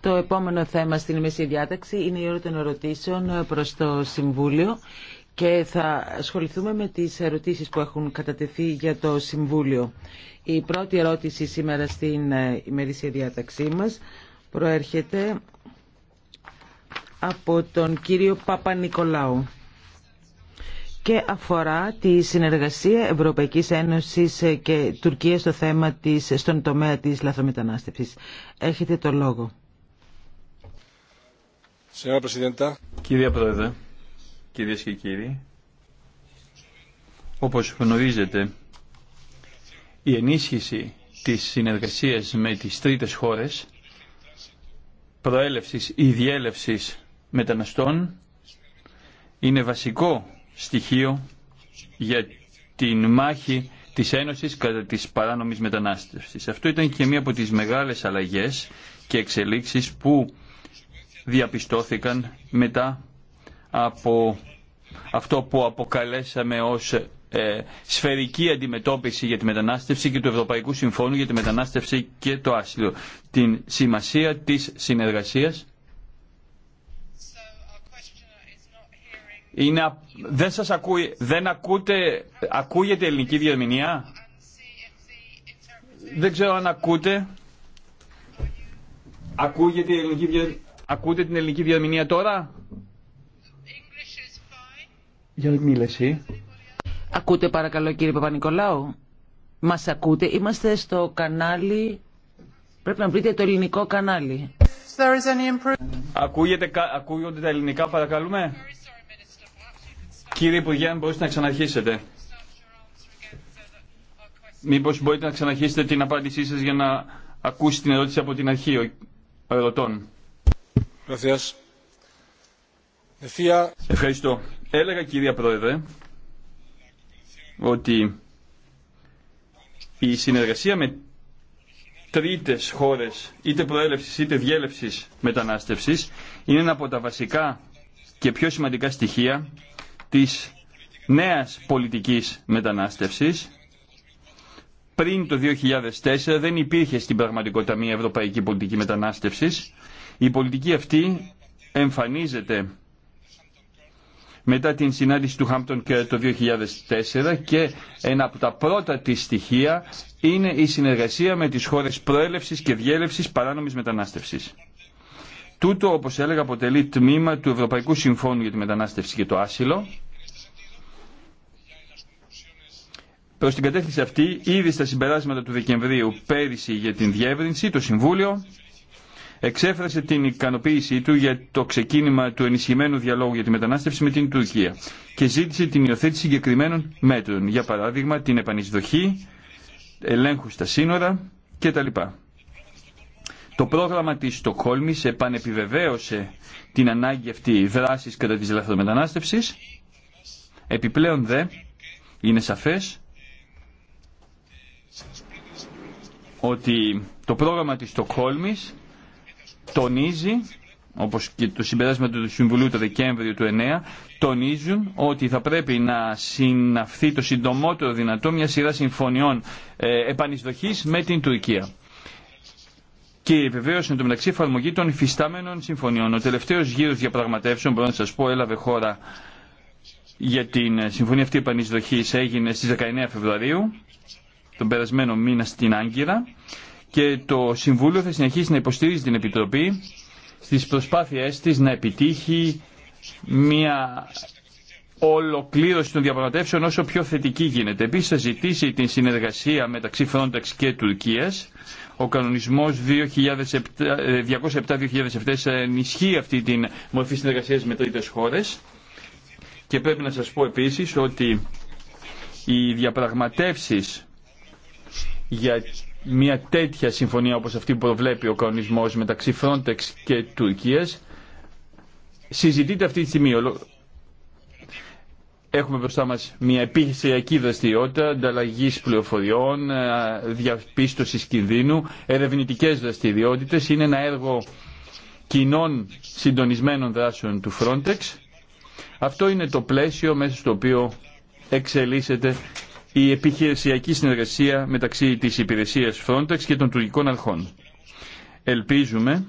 Το επόμενο θέμα στην ημερήσια διάταξη είναι η ώρα των ερωτήσεων προς το Συμβούλιο και θα ασχοληθούμε με τις ερωτήσεις που έχουν κατατεθεί για το Συμβούλιο. Η πρώτη ερώτηση σήμερα στην ε, ημερήσια διάταξή μας προέρχεται από τον κύριο Παπα-Νικολάου και αφορά τη συνεργασία Ευρωπαϊκής Ένωσης και Τουρκίας στο θέμα της, στον τομέα της λαθρομετανάστευσης. Έχετε το λόγο. Κυρία Πρόεδρε, κυρίες και κύριοι, όπως γνωρίζετε, η ενίσχυση της συνεργασίας με τι τρίτες χώρες, προέλευση ή διέλευση μεταναστών, είναι βασικό στοιχείο για την μάχη της Ένωσης κατά της παράνομης μετανάστευσης. Αυτό ήταν και μία από τις μεγάλες αλλαγές και εξελίξεις που διαπιστώθηκαν μετά από αυτό που αποκαλέσαμε ως ε, σφαιρική αντιμετώπιση για τη μετανάστευση και του Ευρωπαϊκού Συμφώνου για τη μετανάστευση και το άσυλο. Την σημασία της συνεργασίας Είναι, δεν σας ακούει, δεν ακούτε, ακούγεται ελληνική διερμηνία. Δεν ξέρω αν ακούτε. Ακούγεται η ελληνική Ακούτε την ελληνική διερμηνία τώρα. Για μίλεση. Ακούτε παρακαλώ κύριε Παπα-Νικολάου. Μας ακούτε. Είμαστε στο κανάλι. Πρέπει να βρείτε το ελληνικό κανάλι. ακούγονται τα ελληνικά παρακαλούμε. Κύριε Υπουργέ, αν μπορείτε να ξαναρχίσετε. Μήπως μπορείτε να ξαναρχίσετε την απάντησή σας για να ακούσει την ερώτηση από την αρχή ο ερωτών. Ευχαριστώ. Έλεγα κυρία Πρόεδρε ότι η συνεργασία με τρίτες χώρες είτε προέλευσης είτε διέλευσης μετανάστευσης είναι ένα από τα βασικά και πιο σημαντικά στοιχεία της νέας πολιτικής μετανάστευσης. Πριν το 2004 δεν υπήρχε στην πραγματικότητα μια ευρωπαϊκή πολιτική μετανάστευσης. Η πολιτική αυτή εμφανίζεται μετά την συνάντηση του Χάμπτον και το 2004 και ένα από τα πρώτα της στοιχεία είναι η συνεργασία με τις χώρες προέλευσης και διέλευσης παράνομης μετανάστευσης. Τούτο, όπως έλεγα, αποτελεί τμήμα του Ευρωπαϊκού Συμφώνου για τη Μετανάστευση και το Άσυλο. Προς την κατεύθυνση αυτή, ήδη στα συμπεράσματα του Δεκεμβρίου πέρυσι για την διεύρυνση, το Συμβούλιο εξέφρασε την ικανοποίησή του για το ξεκίνημα του ενισχυμένου διαλόγου για τη μετανάστευση με την Τουρκία και ζήτησε την υιοθέτηση συγκεκριμένων μέτρων, για παράδειγμα την επανεισδοχή, ελέγχου στα σύνορα κτλ. Το πρόγραμμα της Στοκχόλμης επανεπιβεβαίωσε την ανάγκη αυτή δράσης κατά της λαθρομετανάστευσης. Επιπλέον δε είναι σαφές ότι το πρόγραμμα της Στοκχόλμης τονίζει όπως και το συμπεράσμα του Συμβουλίου το Δεκέμβριο του 9, τονίζουν ότι θα πρέπει να συναυθεί το συντομότερο δυνατό μια σειρά συμφωνιών ε, επανεισδοχής με την Τουρκία και η επιβεβαίωση μεταξύ εφαρμογή των υφιστάμενων συμφωνιών. Ο τελευταίο γύρο διαπραγματεύσεων, μπορώ να σα πω, έλαβε χώρα για την ε, συμφωνία αυτή επανεισδοχή έγινε στι 19 Φεβρουαρίου, τον περασμένο μήνα στην Άγκυρα και το Συμβούλιο θα συνεχίσει να υποστηρίζει την Επιτροπή στις προσπάθειές της να επιτύχει μια ολοκλήρωση των διαπραγματεύσεων όσο πιο θετική γίνεται. Επίσης θα ζητήσει την συνεργασία μεταξύ Frontex και Τουρκίας ο κανονισμός 207-2007 ε, ενισχύει αυτή τη μορφή συνεργασία με τρίτε χώρε. και πρέπει να σας πω επίσης ότι οι διαπραγματεύσεις για μια τέτοια συμφωνία όπως αυτή που προβλέπει ο κανονισμός μεταξύ Frontex και Τουρκίας συζητείται αυτή τη στιγμή. Έχουμε μπροστά μας μια επιχειρησιακή δραστηριότητα, ανταλλαγή πληροφοριών, ε, διαπίστωσης κινδύνου, ερευνητικές δραστηριότητες. Είναι ένα έργο κοινών συντονισμένων δράσεων του Frontex. Αυτό είναι το πλαίσιο μέσα στο οποίο εξελίσσεται η επιχειρησιακή συνεργασία μεταξύ της υπηρεσίας Frontex και των τουρκικών αρχών. Ελπίζουμε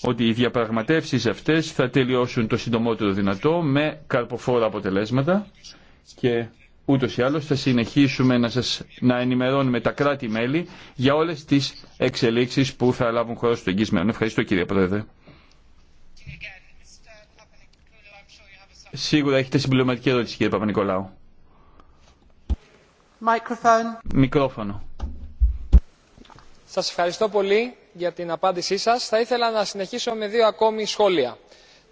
ότι οι διαπραγματεύσεις αυτές θα τελειώσουν το συντομότερο δυνατό με καρποφόρα αποτελέσματα και ούτως ή άλλως θα συνεχίσουμε να, σας, να ενημερώνουμε τα κράτη-μέλη για όλες τις εξελίξεις που θα λάβουν χώρα στο εγγυς μέλλον. Ευχαριστώ κύριε Πρόεδρε. Σίγουρα έχετε συμπληρωματική ερώτηση κύριε Παπα-Νικολάου. Μικρόφωνο σας ευχαριστώ πολύ για την απάντησή σας. θα ήθελα να συνεχίσω με δύο ακόμη σχόλια.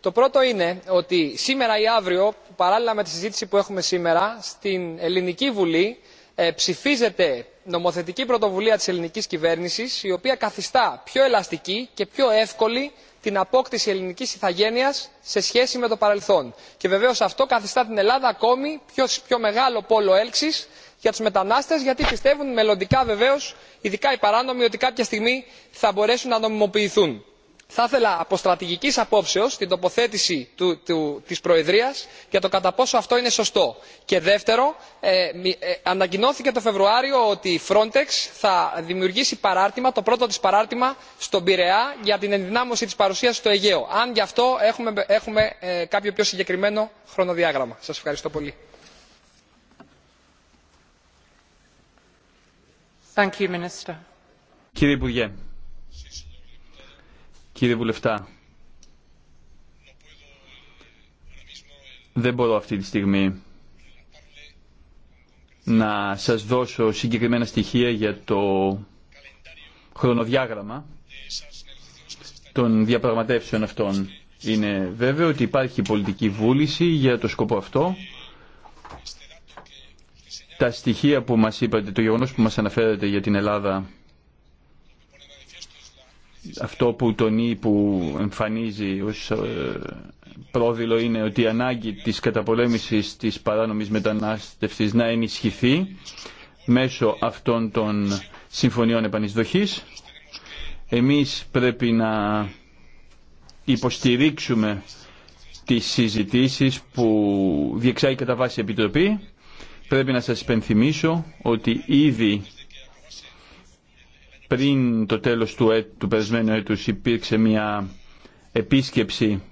το πρώτο είναι ότι σήμερα ή αύριο παράλληλα με τη συζήτηση που έχουμε σήμερα στην ελληνική βουλή ε, ψηφίζεται νομοθετική πρωτοβουλία της ελληνικής κυβέρνησης η οποία καθιστά πιο ελαστική και πιο εύκολη την απόκτηση ελληνικής ηθαγένειας σε σχέση με το παρελθόν και βεβαίως αυτό καθιστά την ελλάδα ακόμη πιο μεγάλο πόλο έλξης για του μετανάστε, γιατί πιστεύουν μελλοντικά βεβαίω, ειδικά οι παράνομοι ότι κάποια στιγμή θα μπορέσουν να νομιμοποιηθούν. θα ήθελα από στρατηγική απόψεως την τοποθέτηση τη Προεδρία για το κατά πόσο αυτό είναι σωστό. και δεύτερο ε, ε, ανακοινώθηκε το φεβρουάριο ότι η frontex θα δημιουργήσει παράρτημα το πρώτο της παράρτημα στον πειραιά για την ενδυνάμωση της παρουσίας στο αιγαίο. αν γι' αυτό έχουμε ε, κάποιο πιο συγκεκριμένο χρονοδιάγραμμα. σας ευχαριστώ πολύ. Κύριε Υπουργέ, κύριε Βουλευτά, δεν μπορώ αυτή τη στιγμή να σας δώσω συγκεκριμένα στοιχεία για το χρονοδιάγραμμα των διαπραγματεύσεων αυτών. Είναι βέβαιο ότι υπάρχει πολιτική βούληση για το σκοπό αυτό τα στοιχεία που μας είπατε, το γεγονός που μας αναφέρατε για την Ελλάδα, αυτό που τονεί, που εμφανίζει ως ε, πρόδειλο είναι ότι η ανάγκη της καταπολέμησης της παράνομης μετανάστευσης να ενισχυθεί μέσω αυτών των συμφωνιών επανεισδοχής. Εμείς πρέπει να υποστηρίξουμε τις συζητήσεις που διεξάγει κατά βάση η Επιτροπή Πρέπει να σας υπενθυμίσω ότι ήδη πριν το τέλος του, έτ, του περασμένου έτους υπήρξε μια επίσκεψη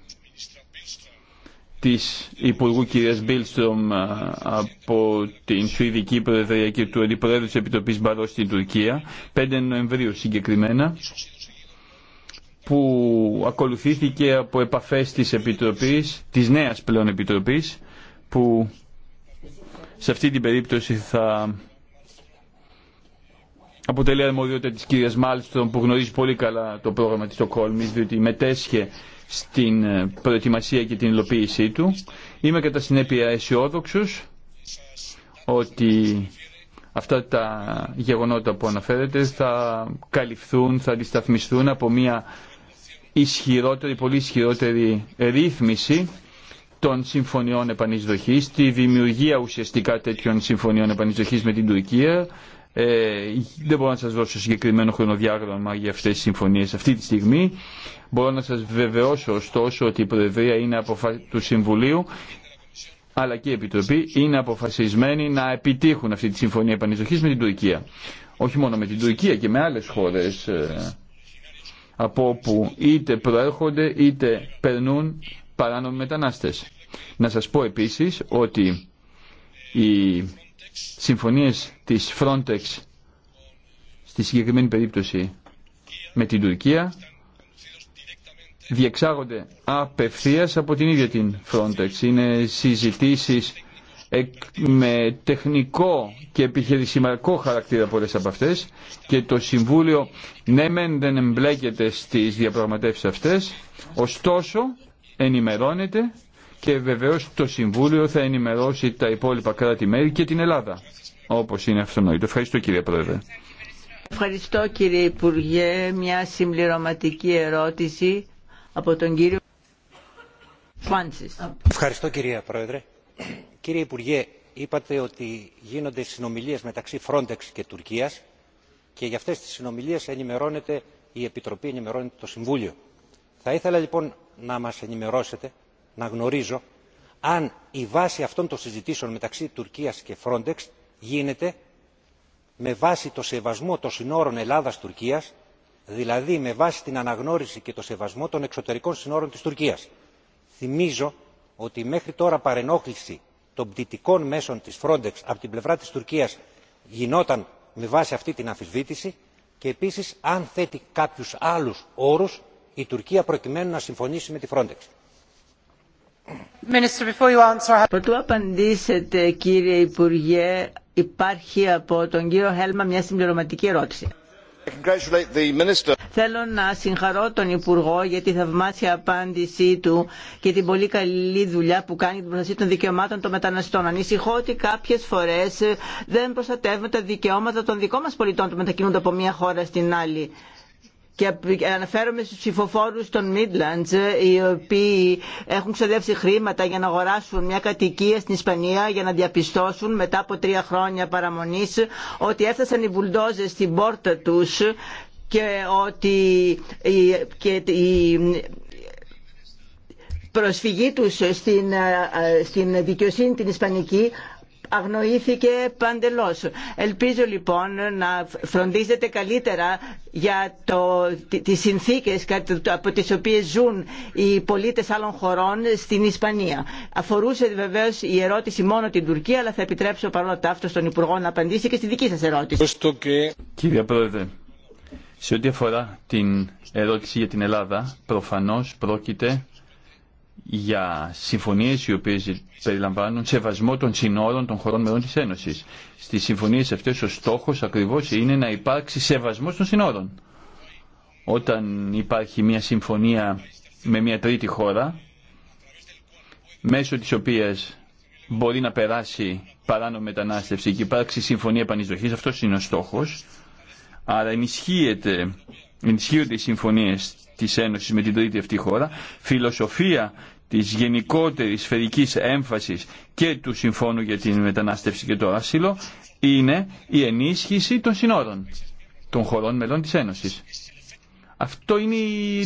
της Υπουργού κυρίας Μπίλστρομ ε, από την Σουηδική Προεδρία και του Αντιπροέδρου της Επιτροπής Μπαρός στην Τουρκία, 5 Νοεμβρίου συγκεκριμένα, που ακολουθήθηκε από επαφές της Επιτροπής, της νέας πλέον Επιτροπής, που σε αυτή την περίπτωση θα αποτελεί αρμοδιότητα της κυρίας Μάλστρον που γνωρίζει πολύ καλά το πρόγραμμα της Στοκόλμης διότι μετέσχε στην προετοιμασία και την υλοποίησή του. Είμαι κατά συνέπεια αισιόδοξο ότι αυτά τα γεγονότα που αναφέρετε θα καλυφθούν, θα αντισταθμιστούν από μια ισχυρότερη, πολύ ισχυρότερη ρύθμιση των συμφωνιών επανεισδοχής, τη δημιουργία ουσιαστικά τέτοιων συμφωνιών επανεισδοχής με την Τουρκία. Ε, δεν μπορώ να σας δώσω συγκεκριμένο χρονοδιάγραμμα για αυτές τις συμφωνίες αυτή τη στιγμή. Μπορώ να σας βεβαιώσω ωστόσο ότι η Προεδρία είναι αποφα... του Συμβουλίου αλλά και η Επιτροπή είναι αποφασισμένη να επιτύχουν αυτή τη συμφωνία επανεισδοχής με την Τουρκία. Όχι μόνο με την Τουρκία και με άλλες χώρες ε, από όπου είτε προέρχονται είτε περνούν παράνομοι μετανάστες. Να σας πω επίσης ότι οι συμφωνίες της Frontex στη συγκεκριμένη περίπτωση με την Τουρκία διεξάγονται απευθείας από την ίδια την Frontex. Είναι συζητήσεις με τεχνικό και επιχειρηματικό χαρακτήρα πολλές από αυτές και το Συμβούλιο ναι μεν δεν εμπλέκεται στις διαπραγματεύσεις αυτές, ωστόσο ενημερώνεται και βεβαίως το Συμβούλιο θα ενημερώσει τα υπόλοιπα κράτη-μέλη και την Ελλάδα, όπως είναι αυτονόητο. Ευχαριστώ κύριε Πρόεδρε. Ευχαριστώ κύριε Υπουργέ. Μια συμπληρωματική ερώτηση από τον κύριο Φάνσης. Ευχαριστώ κύριε Πρόεδρε. Κύριε Υπουργέ, είπατε ότι γίνονται συνομιλίες μεταξύ Frontex και Τουρκίας και για αυτές τις συνομιλίες ενημερώνεται η Επιτροπή, ενημερώνεται το Συμβούλιο. Θα ήθελα λοιπόν να μας ενημερώσετε να γνωρίζω αν η βάση αυτών των συζητήσεων μεταξύ τουρκίας και frontex γίνεται με βάση το σεβασμό των συνόρων ελλάδας τουρκίας δηλαδή με βάση την αναγνώριση και το σεβασμό των εξωτερικών συνόρων της τουρκίας. θυμίζω ότι μέχρι τώρα παρενόχληση των πτυτικών μέσων της frontex από την πλευρά της τουρκίας γινόταν με βάση αυτή την αμφισβήτηση και επίσης αν θέτει κάποιους άλλους όρους η τουρκία προκειμένου να συμφωνήσει με τη frontex. Προτού απαντήσετε κύριε Υπουργέ, υπάρχει από τον κύριο Χέλμα μια συμπληρωματική ερώτηση. Θέλω να συγχαρώ τον Υπουργό για τη θαυμάσια απάντησή του και την πολύ καλή δουλειά που κάνει την προστασία των δικαιωμάτων των μεταναστών. Ανησυχώ ότι κάποιε φορέ δεν προστατεύουμε τα δικαιώματα των δικών μα πολιτών που μετακινούνται από μία χώρα στην άλλη και αναφέρομαι στους ψηφοφόρους των Midlands οι οποίοι έχουν ξοδεύσει χρήματα για να αγοράσουν μια κατοικία στην Ισπανία για να διαπιστώσουν μετά από τρία χρόνια παραμονής ότι έφτασαν οι βουλντόζες στην πόρτα τους και ότι και η προσφυγή τους στην, στην δικαιοσύνη την Ισπανική αγνοήθηκε παντελώς. Ελπίζω λοιπόν να φροντίζετε καλύτερα για το, τις συνθήκες από τις οποίες ζουν οι πολίτες άλλων χωρών στην Ισπανία. Αφορούσε βεβαίως η ερώτηση μόνο την Τουρκία, αλλά θα επιτρέψω παρόλα τα αυτό στον Υπουργό να απαντήσει και στη δική σας ερώτηση. Κύριε Πρόεδρε, σε ό,τι αφορά την ερώτηση για την Ελλάδα, προφανώς πρόκειται για συμφωνίες οι οποίες περιλαμβάνουν σεβασμό των συνόρων των χωρών μερών της Ένωσης. Στις συμφωνίες αυτές ο στόχος ακριβώς είναι να υπάρξει σεβασμός των συνόρων. Όταν υπάρχει μια συμφωνία με μια τρίτη χώρα, μέσω της οποίας μπορεί να περάσει παράνομη μετανάστευση και υπάρξει συμφωνία επανεισδοχής, αυτός είναι ο στόχος. Άρα ενισχύονται οι συμφωνίες της Ένωσης με την τρίτη αυτή χώρα, φιλοσοφία της γενικότερης σφαιρικής έμφασης και του Συμφώνου για την Μετανάστευση και το Άσυλο είναι η ενίσχυση των συνόρων των χωρών μελών της Ένωσης. Αυτό είναι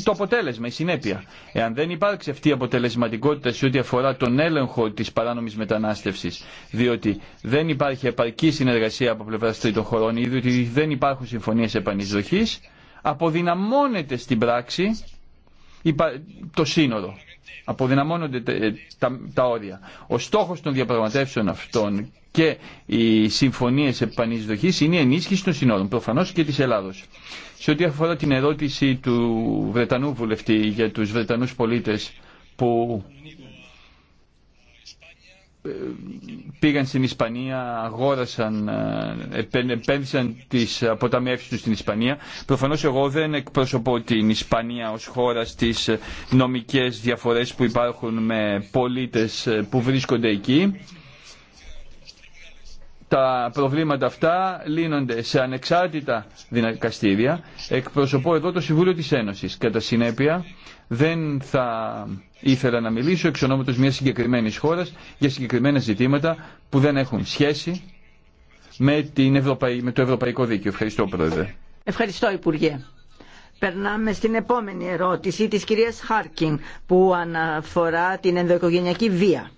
το αποτέλεσμα, η συνέπεια. Εάν δεν υπάρξει αυτή η αποτελεσματικότητα σε ό,τι αφορά τον έλεγχο τη παράνομη μετανάστευση, διότι δεν υπάρχει επαρκή συνεργασία από πλευρά τρίτων χωρών ή διότι δεν υπάρχουν συμφωνίε επανεισδοχή, αποδυναμώνεται στην πράξη το σύνορο αποδυναμώνονται ε, τα, τα όρια. Ο στόχος των διαπραγματεύσεων αυτών και οι συμφωνίες επανεισδοχής είναι η ενίσχυση των συνόρων, προφανώς και της Ελλάδος. Σε ό,τι αφορά την ερώτηση του Βρετανού βουλευτή για τους Βρετανούς πολίτες που πήγαν στην Ισπανία, αγόρασαν, ε, επένδυσαν τις αποταμιεύσεις τους στην Ισπανία. Προφανώς εγώ δεν εκπροσωπώ την Ισπανία ως χώρα στις νομικές διαφορές που υπάρχουν με πολίτες ε, που βρίσκονται εκεί. Τα προβλήματα αυτά λύνονται σε ανεξάρτητα δικαστήρια. Εκπροσωπώ εδώ το Συμβούλιο της Ένωσης. Κατά συνέπεια δεν θα ήθελα να μιλήσω εξ ονόματος μιας συγκεκριμένης χώρας για συγκεκριμένα ζητήματα που δεν έχουν σχέση με, την με το Ευρωπαϊκό Δίκαιο. Ευχαριστώ, Πρόεδρε. Ευχαριστώ, Υπουργέ. Περνάμε στην επόμενη ερώτηση της κυρίας Χάρκιν που αναφορά την ενδοοικογενειακή βία.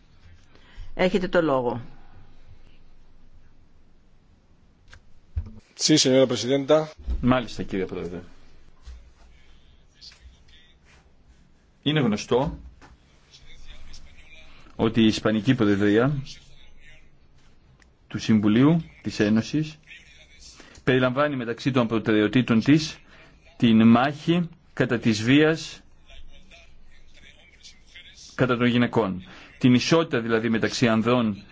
Έχετε το λόγο. Μάλιστα, κύριε Πρόεδρε. Είναι γνωστό ότι η Ισπανική Προεδρία του Συμβουλίου της Ένωσης περιλαμβάνει μεταξύ των προτεραιοτήτων της την μάχη κατά της βίας κατά των γυναικών. Την ισότητα δηλαδή μεταξύ ανδρών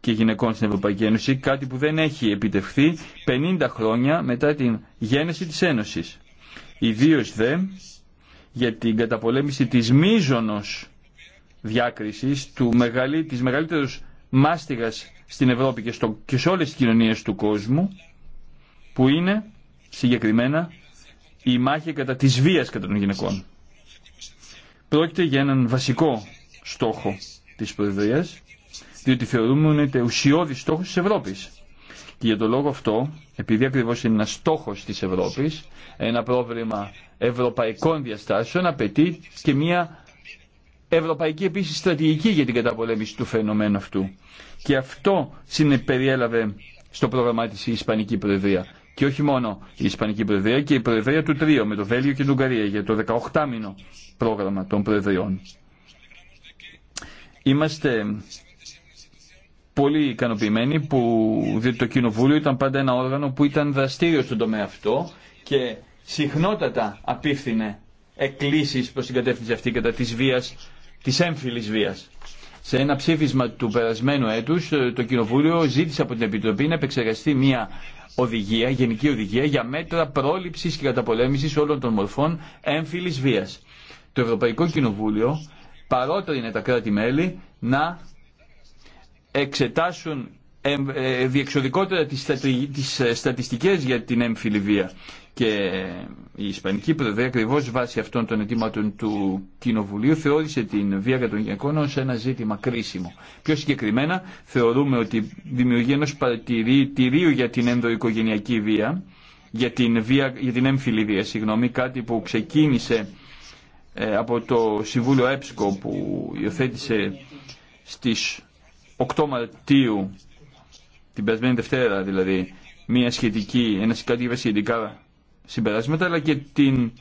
και γυναικών στην Ευρωπαϊκή Ένωση, κάτι που δεν έχει επιτευχθεί 50 χρόνια μετά την γέννηση της Ένωσης. Ιδίως δε για την καταπολέμηση της μίζωνος διάκρισης, του μεγαλή, της μεγαλύτερης μάστιγας στην Ευρώπη και, στο, και σε όλες τις κοινωνίες του κόσμου, που είναι συγκεκριμένα η μάχη κατά της βίας κατά των γυναικών. Πρόκειται για έναν βασικό στόχο της Προεδρίας, διότι θεωρούμε ότι είναι ουσιώδης στόχος της Ευρώπης. Και για τον λόγο αυτό, επειδή ακριβώ είναι ένα στόχος της Ευρώπης, ένα πρόβλημα ευρωπαϊκών διαστάσεων, απαιτεί και μια ευρωπαϊκή επίση στρατηγική για την καταπολέμηση του φαινομένου αυτού. Και αυτό συνεπεριέλαβε στο πρόγραμμά τη η Ισπανική Προεδρία. Και όχι μόνο η Ισπανική Προεδρία και η Προεδρία του Τρίου με το Βέλγιο και την Ουγγαρία για το 18μηνο πρόγραμμα των Προεδριών. Είμαστε πολύ ικανοποιημένοι που διότι το Κοινοβούλιο ήταν πάντα ένα όργανο που ήταν δραστήριο στον τομέα αυτό και συχνότατα απίφθινε εκκλήσεις προς την κατεύθυνση αυτή κατά της βίας, της έμφυλης βίας. Σε ένα ψήφισμα του περασμένου έτους ε, το Κοινοβούλιο ζήτησε από την Επιτροπή να επεξεργαστεί μια οδηγία, γενική οδηγία για μέτρα πρόληψης και καταπολέμησης όλων των μορφών έμφυλης βίας. Το Ευρωπαϊκό Κοινοβούλιο παρότρινε τα κράτη-μέλη να εξετάσουν ε, ε, διεξοδικότερα τις στατιστικές για την έμφυλη βία. Και ε, η Ισπανική Προεδρία ακριβώ βάσει αυτών των αιτήματων του Κοινοβουλίου θεώρησε την βία κατά τον γυναικών ως ένα ζήτημα κρίσιμο. Πιο συγκεκριμένα θεωρούμε ότι δημιουργεί δημιουργία παρατηρίου για την ενδοοικογενειακή βία, για την, βία, για την έμφυλη βία, συγγνώμη, κάτι που ξεκίνησε από το Συμβούλιο ΕΠΣΚΟ που υιοθέτησε στις 8 Μαρτίου, την περασμένη Δευτέρα δηλαδή, μια σχετική, ένα κάτι σχετικά συμπεράσματα, αλλά και την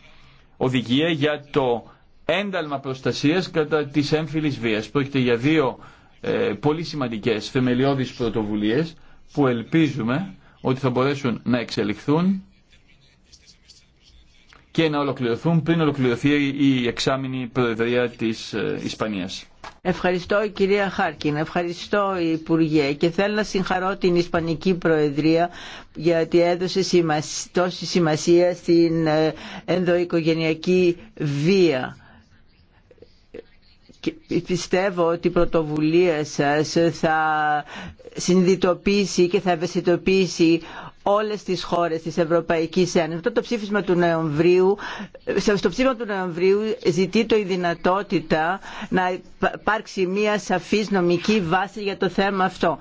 οδηγία για το ένταλμα προστασίας κατά της έμφυλης βίας. Πρόκειται για δύο ε, πολύ σημαντικές θεμελιώδεις πρωτοβουλίες που ελπίζουμε ότι θα μπορέσουν να εξελιχθούν και να ολοκληρωθούν πριν ολοκληρωθεί η εξάμεινη προεδρία της ε, Ισπανίας. Ευχαριστώ κυρία Χάρκιν, ευχαριστώ η Υπουργέ και θέλω να συγχαρώ την Ισπανική Προεδρία γιατί έδωσε τόση σημασία στην ε, ενδοοικογενειακή βία. Και πιστεύω ότι η πρωτοβουλία σας θα συνειδητοποιήσει και θα ευαισθητοποιήσει όλες τις χώρες της Ευρωπαϊκής Ένωσης. το ψήφισμα του Νοεμβρίου, στο ψήφισμα του Νοεμβρίου ζητεί το η δυνατότητα να υπάρξει μια σαφής νομική βάση για το θέμα αυτό.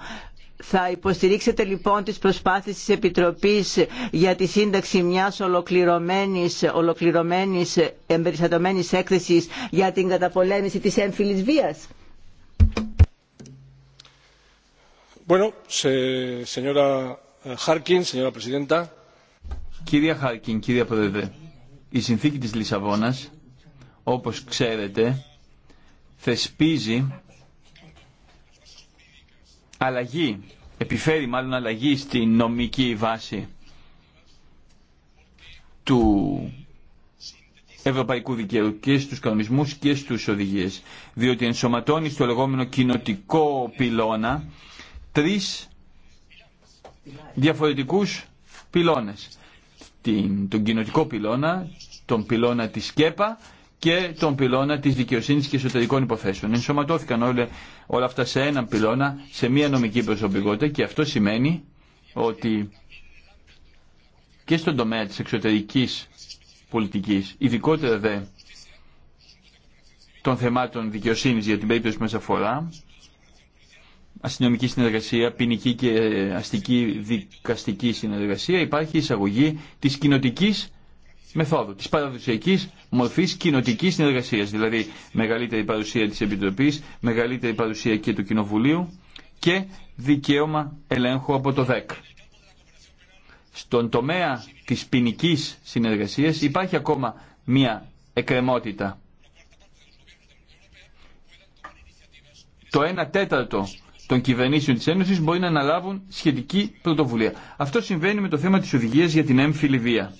Θα υποστηρίξετε λοιπόν τις προσπάθειες της Επιτροπής για τη σύνταξη μιας ολοκληρωμένης, ολοκληρωμένης εμπεριστατωμένης έκθεσης για την καταπολέμηση της έμφυλης βίας. Bueno, señora Κυρία Χάρκιν, κυρία Πρόεδρε, η συνθήκη της Λισαβόνας, όπως ξέρετε, θεσπίζει αλλαγή, επιφέρει μάλλον αλλαγή στη νομική βάση του ευρωπαϊκού δικαίου και στους κανονισμούς και στους οδηγίες, διότι ενσωματώνει στο λεγόμενο κοινοτικό πυλώνα τρεις διαφορετικούς πυλώνες. Την, τον κοινοτικό πυλώνα, τον πυλώνα της ΚΕΠΑ και τον πυλώνα της δικαιοσύνης και εσωτερικών υποθέσεων. Ενσωματώθηκαν όλα, όλα αυτά σε έναν πυλώνα, σε μία νομική προσωπικότητα και αυτό σημαίνει ότι και στον τομέα της εξωτερικής πολιτικής, ειδικότερα δε των θεμάτων δικαιοσύνης για την περίπτωση που μας αφορά, αστυνομική συνεργασία, ποινική και ε, αστική δικαστική συνεργασία, υπάρχει εισαγωγή της κοινοτική μεθόδου, της παραδοσιακή μορφής κοινοτική συνεργασίας, δηλαδή μεγαλύτερη παρουσία της επιτροπή, μεγαλύτερη παρουσία και του Κοινοβουλίου και δικαίωμα ελέγχου από το ΔΕΚ. Στον τομέα της ποινική συνεργασίας υπάρχει ακόμα μία εκκρεμότητα. Το 1 τέταρτο των κυβερνήσεων της Ένωσης μπορεί να αναλάβουν σχετική πρωτοβουλία. Αυτό συμβαίνει με το θέμα της οδηγίας για την έμφυλη βία.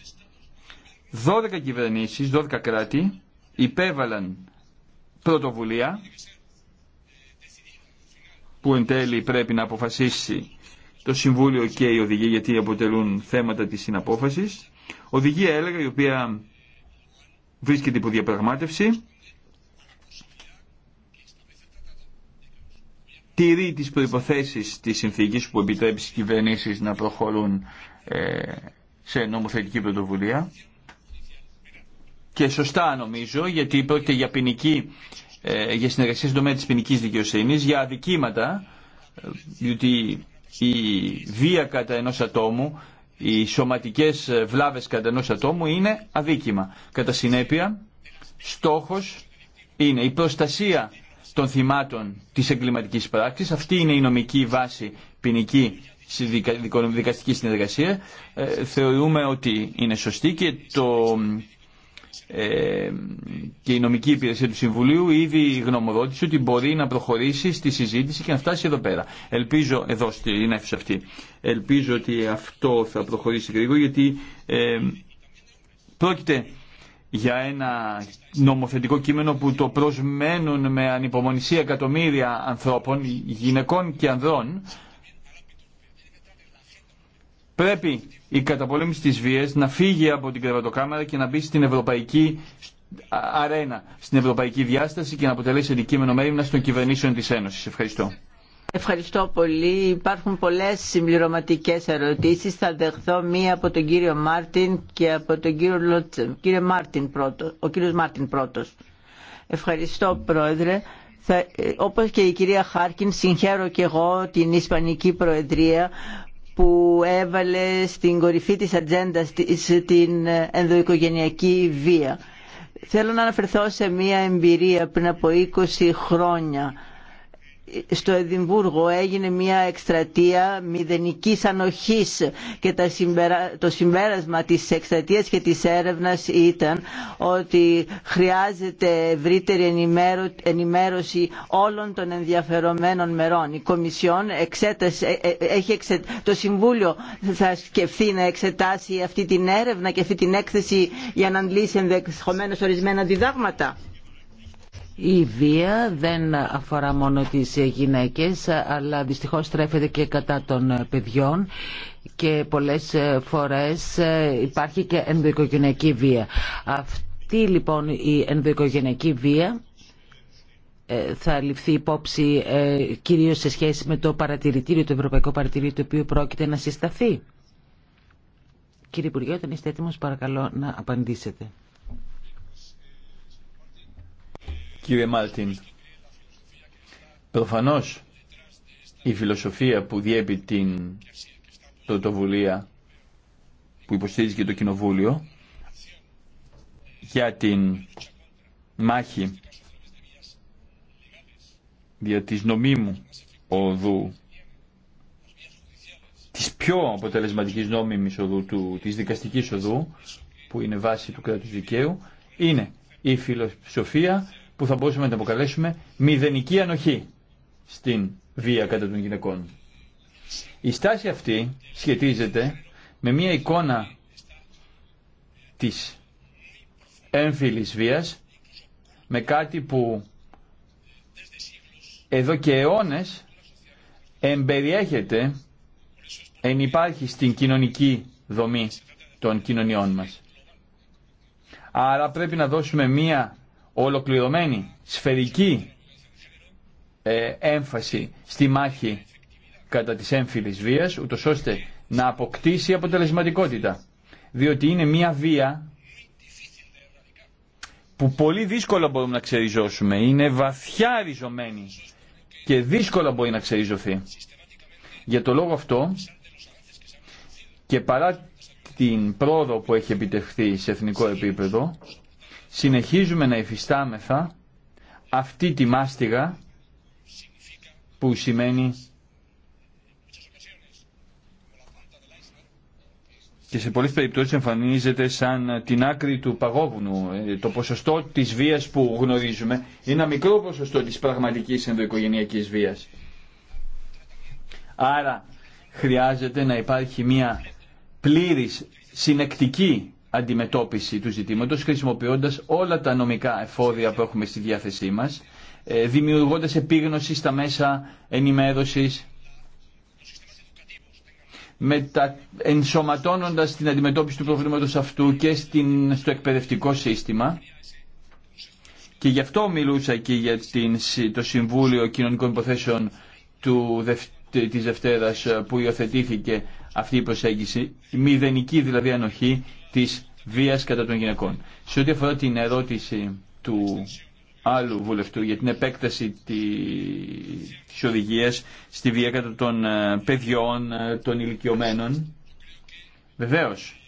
12 κυβερνήσει, 12 κράτη υπέβαλαν πρωτοβουλία που εν τέλει πρέπει να αποφασίσει το Συμβούλιο και η Οδηγία γιατί αποτελούν θέματα της συναπόφασης. Οδηγία έλεγα η οποία βρίσκεται υπό διαπραγμάτευση τηρεί τις προϋποθέσεις της συνθήκης που επιτρέπει στις κυβερνήσεις να προχωρούν ε, σε νομοθετική πρωτοβουλία και σωστά νομίζω γιατί πρόκειται για, ποινική, ε, για συνεργασία στον τομέα της ποινικής δικαιοσύνης για αδικήματα ε, διότι η βία κατά ενός ατόμου οι σωματικές βλάβες κατά ενός ατόμου είναι αδίκημα κατά συνέπεια στόχος είναι η προστασία των θυμάτων της εγκληματική πράξη. Αυτή είναι η νομική βάση ποινική δικαστική συνεργασία. Ε, θεωρούμε ότι είναι σωστή και, το, ε, και η νομική υπηρεσία του Συμβουλίου ήδη γνωμοδότησε ότι μπορεί να προχωρήσει στη συζήτηση και να φτάσει εδώ πέρα. Ελπίζω, εδώ στην αίθουσα αυτή, ελπίζω ότι αυτό θα προχωρήσει γρήγορα γιατί ε, πρόκειται για ένα νομοθετικό κείμενο που το προσμένουν με ανυπομονησία εκατομμύρια ανθρώπων, γυναικών και ανδρών, πρέπει η καταπολέμηση της βίας να φύγει από την κρεβατοκάμερα και να μπει στην ευρωπαϊκή αρένα, στην ευρωπαϊκή διάσταση και να αποτελέσει αντικείμενο μέρημνα των κυβερνήσεων της Ένωσης. Ευχαριστώ. Ευχαριστώ πολύ. Υπάρχουν πολλές συμπληρωματικές ερωτήσεις. Θα δεχθώ μία από τον κύριο Μάρτιν και από τον κύριο Λότσεμ. Κύριε Μάρτιν πρώτος, ο κύριος Μάρτιν πρώτος. Ευχαριστώ πρόεδρε. Θα, όπως και η κυρία Χάρκιν συγχαίρω και εγώ την Ισπανική Προεδρία που έβαλε στην κορυφή της ατζέντα την ενδοοικογενειακή βία. Θέλω να αναφερθώ σε μία εμπειρία πριν από 20 χρόνια στο Εδιμβούργο έγινε μια εκστρατεία μηδενικής ανοχής και το συμπέρασμα της εκστρατείας και της έρευνας ήταν ότι χρειάζεται ευρύτερη ενημέρωση όλων των ενδιαφερομένων μερών. Η Κομισιόν ε, ε, έχει το Συμβούλιο θα σκεφτεί να εξετάσει αυτή την έρευνα και αυτή την έκθεση για να λύσει ενδεχομένω ορισμένα διδάγματα. Η βία δεν αφορά μόνο τις γυναίκες, αλλά δυστυχώς στρέφεται και κατά των παιδιών και πολλές φορές υπάρχει και ενδοοικογενειακή βία. Αυτή λοιπόν η ενδοοικογενειακή βία ε, θα ληφθεί υπόψη ε, κυρίως σε σχέση με το παρατηρητήριο, το Ευρωπαϊκό Παρατηρητήριο, το οποίο πρόκειται να συσταθεί. Κύριε Υπουργέ, όταν είστε έτοιμος, παρακαλώ να απαντήσετε. Κύριε Μάρτιν, προφανώς η φιλοσοφία που διέπει την πρωτοβουλία που υποστηρίζει και το Κοινοβούλιο για την μάχη δια της νομίμου οδού της πιο αποτελεσματικής νόμιμης οδού του, της δικαστικής οδού που είναι βάση του κράτους δικαίου είναι η φιλοσοφία που θα μπορούσαμε να την αποκαλέσουμε μηδενική ανοχή στην βία κατά των γυναικών. Η στάση αυτή σχετίζεται με μια εικόνα της έμφυλης βίας με κάτι που εδώ και αιώνες εμπεριέχεται εν υπάρχει στην κοινωνική δομή των κοινωνιών μας. Άρα πρέπει να δώσουμε μία ολοκληρωμένη, σφαιρική ε, έμφαση στη μάχη κατά της έμφυλης βίας, ούτως ώστε να αποκτήσει αποτελεσματικότητα. Διότι είναι μια βία που πολύ δύσκολα μπορούμε να ξεριζώσουμε. Είναι βαθιά ριζωμένη και δύσκολα μπορεί να ξεριζωθεί. Για το λόγο αυτό και παρά την πρόοδο που έχει επιτευχθεί σε εθνικό επίπεδο, συνεχίζουμε να υφιστάμεθα αυτή τη μάστιγα που σημαίνει και σε πολλές περιπτώσεις εμφανίζεται σαν την άκρη του παγόβουνου. Ε, το ποσοστό της βίας που γνωρίζουμε είναι ένα μικρό ποσοστό της πραγματικής ενδοοικογενειακής βίας. Άρα χρειάζεται να υπάρχει μια πλήρης συνεκτική αντιμετώπιση του ζητήματος χρησιμοποιώντας όλα τα νομικά εφόδια που έχουμε στη διάθεσή μας, ε, δημιουργώντας επίγνωση στα μέσα ενημέρωσης, μετα... ενσωματώνοντας την αντιμετώπιση του προβλήματος αυτού και στην... στο εκπαιδευτικό σύστημα. Και γι' αυτό μιλούσα και για την... το Συμβούλιο Κοινωνικών Υποθέσεων του... της Δευτέρας ε, που υιοθετήθηκε αυτή η προσέγγιση, μηδενική δηλαδή ανοχή της βίας κατά των γυναικών. Σε ό,τι αφορά την ερώτηση του άλλου βουλευτού για την επέκταση της οδηγίας στη βία κατά των ε, παιδιών, ε, των ηλικιωμένων, βεβαίως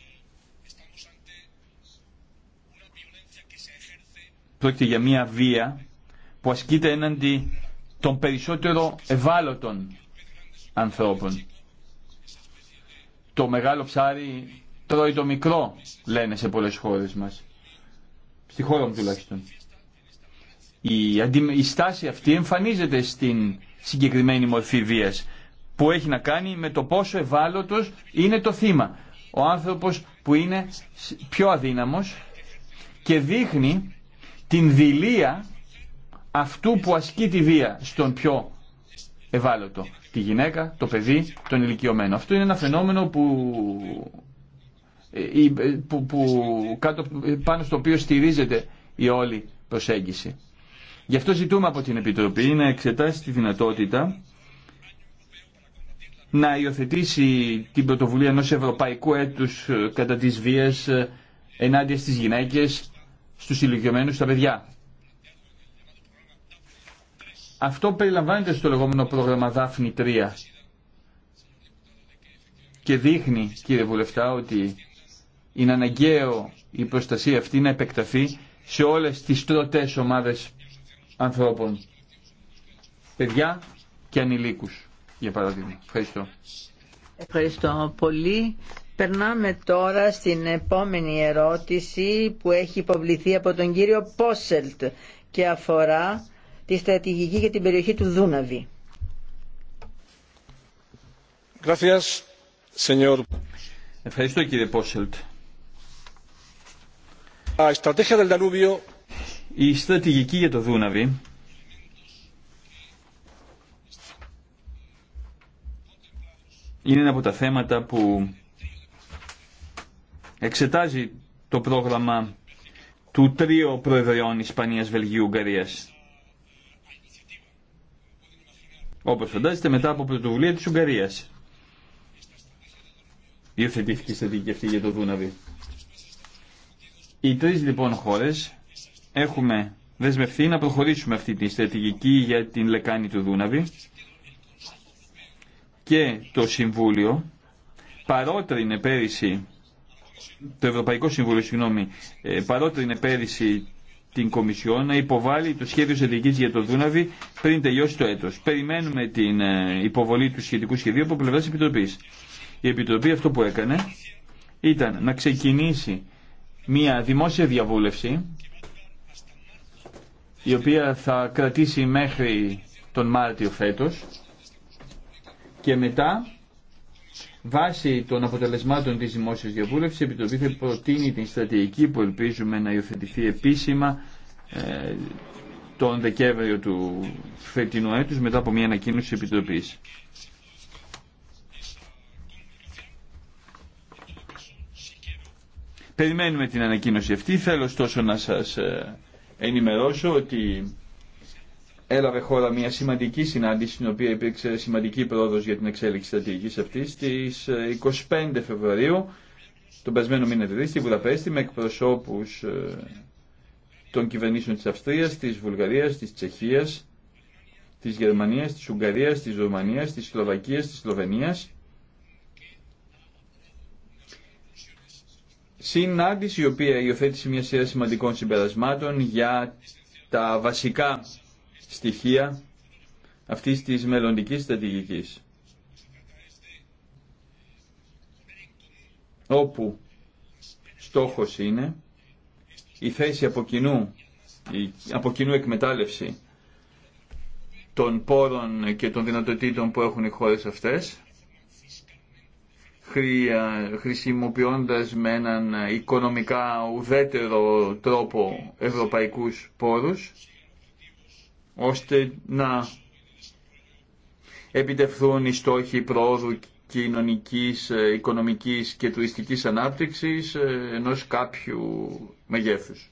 πρόκειται για μια βία που ασκείται έναντι των περισσότερο ευάλωτων ανθρώπων. Το μεγάλο ψάρι τρώει το μικρό, λένε σε πολλές χώρες μας. Στη χώρα μου τουλάχιστον. Η, στάση αυτή εμφανίζεται στην συγκεκριμένη μορφή βίας που έχει να κάνει με το πόσο ευάλωτος είναι το θύμα. Ο άνθρωπος που είναι πιο αδύναμος και δείχνει την δηλία αυτού που ασκεί τη βία στον πιο ευάλωτο. Τη γυναίκα, το παιδί, τον ηλικιωμένο. Αυτό είναι ένα φαινόμενο που ε, ε, που, που, κάτω, πάνω στο οποίο στηρίζεται η όλη προσέγγιση. Γι' αυτό ζητούμε από την Επιτροπή να εξετάσει τη δυνατότητα να υιοθετήσει την πρωτοβουλία ενός ευρωπαϊκού έτους ε, κατά της βίας ενάντια στις γυναίκες, στους ηλικιωμένους, στα παιδιά. Αυτό περιλαμβάνεται στο λεγόμενο πρόγραμμα Δάφνη 3 και δείχνει, κύριε Βουλευτά, ότι είναι αναγκαίο η προστασία αυτή να επεκταθεί σε όλες τις τρωτές ομάδες ανθρώπων. Παιδιά και ανηλίκους, για παράδειγμα. Ευχαριστώ. Ευχαριστώ πολύ. Περνάμε τώρα στην επόμενη ερώτηση που έχει υποβληθεί από τον κύριο Πόσελτ και αφορά τη στρατηγική για την περιοχή του Δούναβη. Ευχαριστώ κύριε Πόσελτ. Η στρατηγική για το Δούναβι είναι ένα από τα θέματα που εξετάζει το πρόγραμμα του τρίου προεδριών Ισπανίας, Βελγίου, Ουγγαρίας. Όπως φαντάζεστε μετά από πρωτοβουλία της Ουγγαρίας. Υιοθετήθηκε η στρατηγική αυτή για το Δούναβι. Οι τρεις λοιπόν χώρες έχουμε δεσμευθεί να προχωρήσουμε αυτή τη στρατηγική για την λεκάνη του Δούναβη και το Συμβούλιο παρότρινε πέρυσι το Ευρωπαϊκό Συμβούλιο, συγγνώμη, ε, παρότρινε πέρυσι την Κομισιόν να υποβάλει το σχέδιο στρατηγική για το Δούναβη πριν τελειώσει το έτο. Περιμένουμε την ε, υποβολή του σχετικού σχεδίου από πλευρά τη Επιτροπή. Η Επιτροπή αυτό που έκανε ήταν να ξεκινήσει μία δημόσια διαβούλευση η οποία θα κρατήσει μέχρι τον Μάρτιο φέτος και μετά βάσει των αποτελεσμάτων της δημόσιας διαβούλευσης η Επιτροπή θα προτείνει την στρατηγική που ελπίζουμε να υιοθετηθεί επίσημα ε, τον Δεκέμβριο του φετινού έτους μετά από μια ανακοίνωση της Επιτροπής. Περιμένουμε την ανακοίνωση αυτή. Θέλω ωστόσο να σας ε, ενημερώσω ότι έλαβε χώρα μια σημαντική συνάντηση στην οποία υπήρξε σημαντική πρόοδος για την εξέλιξη στρατηγικής αυτής στις 25 ε, Φεβρουαρίου τον περασμένο μήνα δηλαδή στη Βουδαπέστη με εκπροσώπους ε, των κυβερνήσεων της Αυστρίας, της Βουλγαρίας, της Τσεχίας, της Γερμανίας, της Ουγγαρίας, της Ρουμανίας, της Σλοβακίας, της Σλοβενίας Συνάντηση η οποία υιοθέτησε μια σειρά σημαντικών συμπερασμάτων για τα βασικά στοιχεία αυτής της μελλοντικής στρατηγικής. Όπου στόχος είναι η θέση από κοινού, η από κοινού εκμετάλλευση των πόρων και των δυνατοτήτων που έχουν οι χώρες αυτές χρησιμοποιώντας με έναν οικονομικά ουδέτερο τρόπο ευρωπαϊκούς πόρους ώστε να επιτευχθούν οι στόχοι προόδου κοινωνικής, οικονομικής και τουριστικής ανάπτυξης ενός κάποιου μεγέθους.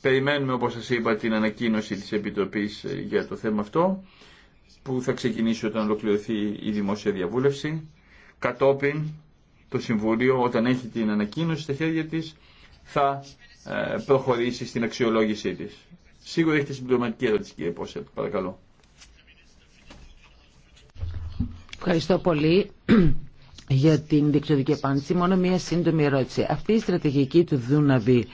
Περιμένουμε, όπως σας είπα, την ανακοίνωση της Επιτροπής για το θέμα αυτό, που θα ξεκινήσει όταν ολοκληρωθεί η δημόσια διαβούλευση. Κατόπιν το Συμβούλιο όταν έχει την ανακοίνωση στα χέρια της θα ε, προχωρήσει στην αξιολόγησή της. Σίγουρα έχετε συμπληρωματική ερώτηση κύριε Πόσετ. παρακαλώ. Ευχαριστώ πολύ για την διεξοδική επάνηση. Μόνο μία σύντομη ερώτηση. Αυτή η στρατηγική του Δούναβη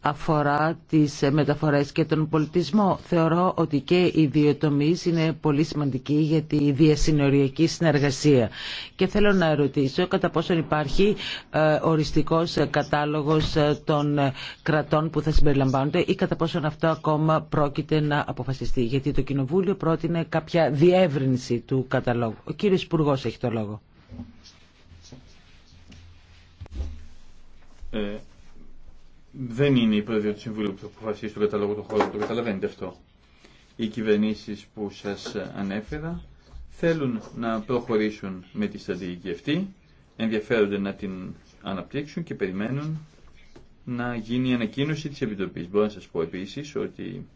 αφορά τις μεταφορές και τον πολιτισμό. Θεωρώ ότι και οι δύο είναι πολύ σημαντικοί για τη διασυνοριακή συνεργασία. Και θέλω να ερωτήσω κατά πόσον υπάρχει ε, οριστικός κατάλογος ε, των κρατών που θα συμπεριλαμβάνονται ή κατά πόσον αυτό ακόμα πρόκειται να αποφασιστεί. Γιατί το Κοινοβούλιο πρότεινε κάποια διεύρυνση του καταλόγου. Ο κύριος Υπουργό έχει το λόγο. Ε, δεν είναι η πρόεδρο του Συμβουλίου που θα αποφασίσει τον καταλόγο των χώρων. Το καταλαβαίνετε αυτό. Οι κυβερνήσει που σας ανέφερα θέλουν να προχωρήσουν με τη στρατηγική αυτή, ενδιαφέρονται να την αναπτύξουν και περιμένουν να γίνει η ανακοίνωση της Επιτροπής. Μπορώ να σας πω επίσης ότι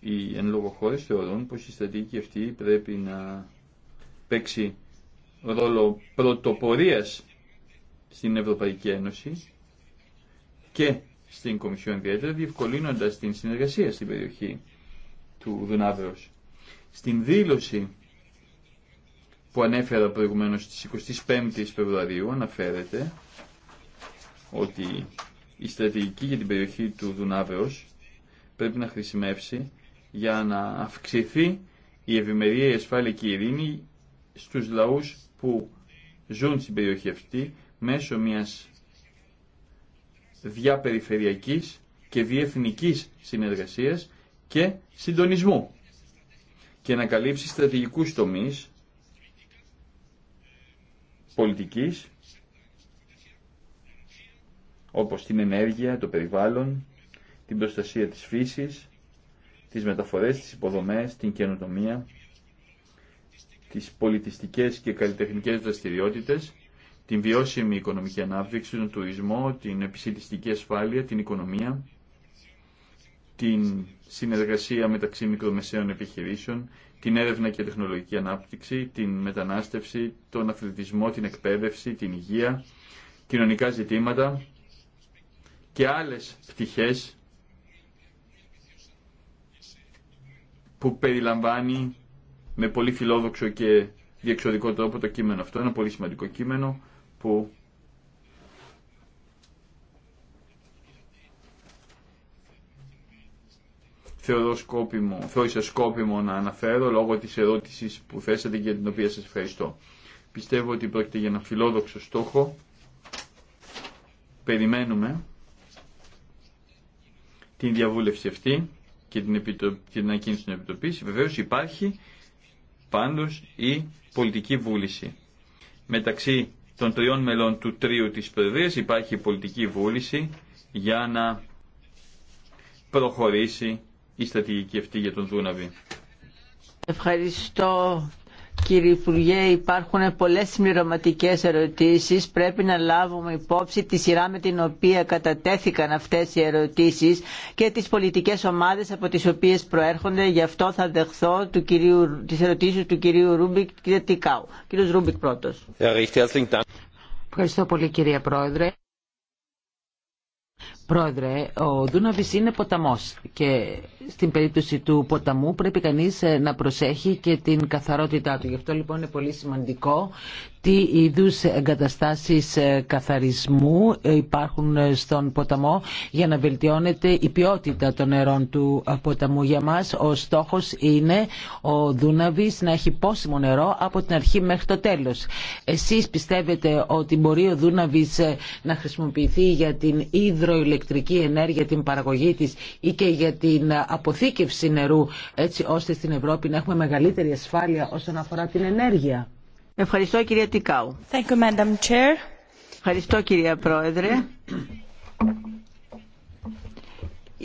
οι εν λόγω χώρες θεωρούν πως η στρατηγική αυτή πρέπει να παίξει ρόλο πρωτοπορίας στην Ευρωπαϊκή Ένωση και στην Κομισιόν ιδιαίτερα, διευκολύνοντα την συνεργασία στην περιοχή του Δουνάβεως. Στην δήλωση που ανέφερα προηγουμένως στις 25 Φεβρουαρίου αναφέρεται ότι η στρατηγική για την περιοχή του Δουνάβεως πρέπει να χρησιμεύσει για να αυξηθεί η ευημερία, η ασφάλεια και η ειρήνη στους λαούς που ζουν στην περιοχή αυτή μέσω μιας διαπεριφερειακής και διεθνικής συνεργασίας και συντονισμού και να καλύψει στρατηγικούς τομείς πολιτικής όπως την ενέργεια, το περιβάλλον, την προστασία της φύσης, τις μεταφορές, τις υποδομές, την καινοτομία, τις πολιτιστικές και καλλιτεχνικές δραστηριότητες την βιώσιμη οικονομική ανάπτυξη, τον τουρισμό, την επισητιστική ασφάλεια, την οικονομία, την συνεργασία μεταξύ μικρομεσαίων επιχειρήσεων, την έρευνα και τεχνολογική ανάπτυξη, την μετανάστευση, τον αθλητισμό, την εκπαίδευση, την υγεία, κοινωνικά ζητήματα και άλλες πτυχές που περιλαμβάνει με πολύ φιλόδοξο και διεξοδικό τρόπο το κείμενο αυτό, ένα πολύ σημαντικό κείμενο, που θεωρώ σκόπιμο, να αναφέρω λόγω της ερώτησης που θέσατε και για την οποία σας ευχαριστώ. Πιστεύω ότι πρόκειται για ένα φιλόδοξο στόχο. Περιμένουμε την διαβούλευση αυτή και την, ακίνηση και την των επιτροπής. Βεβαίως υπάρχει πάντως η πολιτική βούληση μεταξύ των τριών μελών του τρίου της Προεδρίας υπάρχει πολιτική βούληση για να προχωρήσει η στρατηγική αυτή για τον Δούναβη. Ευχαριστώ Κύριε Υπουργέ, υπάρχουν πολλές συμπληρωματικέ ερωτήσεις. Πρέπει να λάβουμε υπόψη τη σειρά με την οποία κατατέθηκαν αυτές οι ερωτήσεις και τις πολιτικές ομάδες από τις οποίες προέρχονται. Γι' αυτό θα δεχθώ τι ερωτήσει τις ερωτήσεις του κυρίου Ρούμπικ και Τικάου. Κύριος Ρούμπικ πρώτος. Ευχαριστώ πολύ κυρία Πρόεδρε. Πρόεδρε, ο Δούναβης είναι ποταμός και στην περίπτωση του ποταμού πρέπει κανείς ε, να προσέχει και την καθαρότητά του. Γι' αυτό λοιπόν είναι πολύ σημαντικό τι είδου εγκαταστάσει ε, καθαρισμού ε, υπάρχουν στον ποταμό για να βελτιώνεται η ποιότητα των νερών του ποταμού. Για μας ο στόχος είναι ο δούναβη να έχει πόσιμο νερό από την αρχή μέχρι το τέλος. Εσεί πιστεύετε ότι μπορεί ο Δούναβή να χρησιμοποιηθεί για την υδροηλεκτρική ενέργεια, την παραγωγή τη ή και για την αποθήκευση νερού έτσι ώστε στην Ευρώπη να έχουμε μεγαλύτερη ασφάλεια όσον αφορά την ενέργεια. Ευχαριστώ κυρία Τικάου. Thank you, Madam Chair. Ευχαριστώ κυρία Πρόεδρε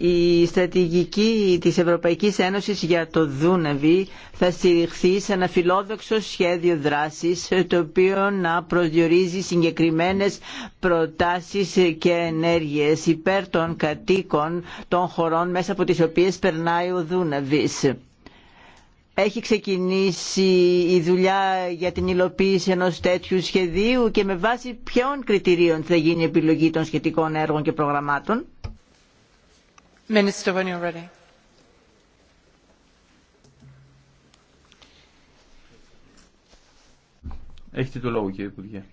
η στρατηγική της Ευρωπαϊκής Ένωσης για το Δούναβι θα στηριχθεί σε ένα φιλόδοξο σχέδιο δράσης το οποίο να προσδιορίζει συγκεκριμένες προτάσεις και ενέργειες υπέρ των κατοίκων των χωρών μέσα από τις οποίες περνάει ο Δούναβης. Έχει ξεκινήσει η δουλειά για την υλοποίηση ενός τέτοιου σχεδίου και με βάση ποιων κριτηρίων θα γίνει η επιλογή των σχετικών έργων και προγραμμάτων. Έχετε το λόγο, κύριε Υπουργέ.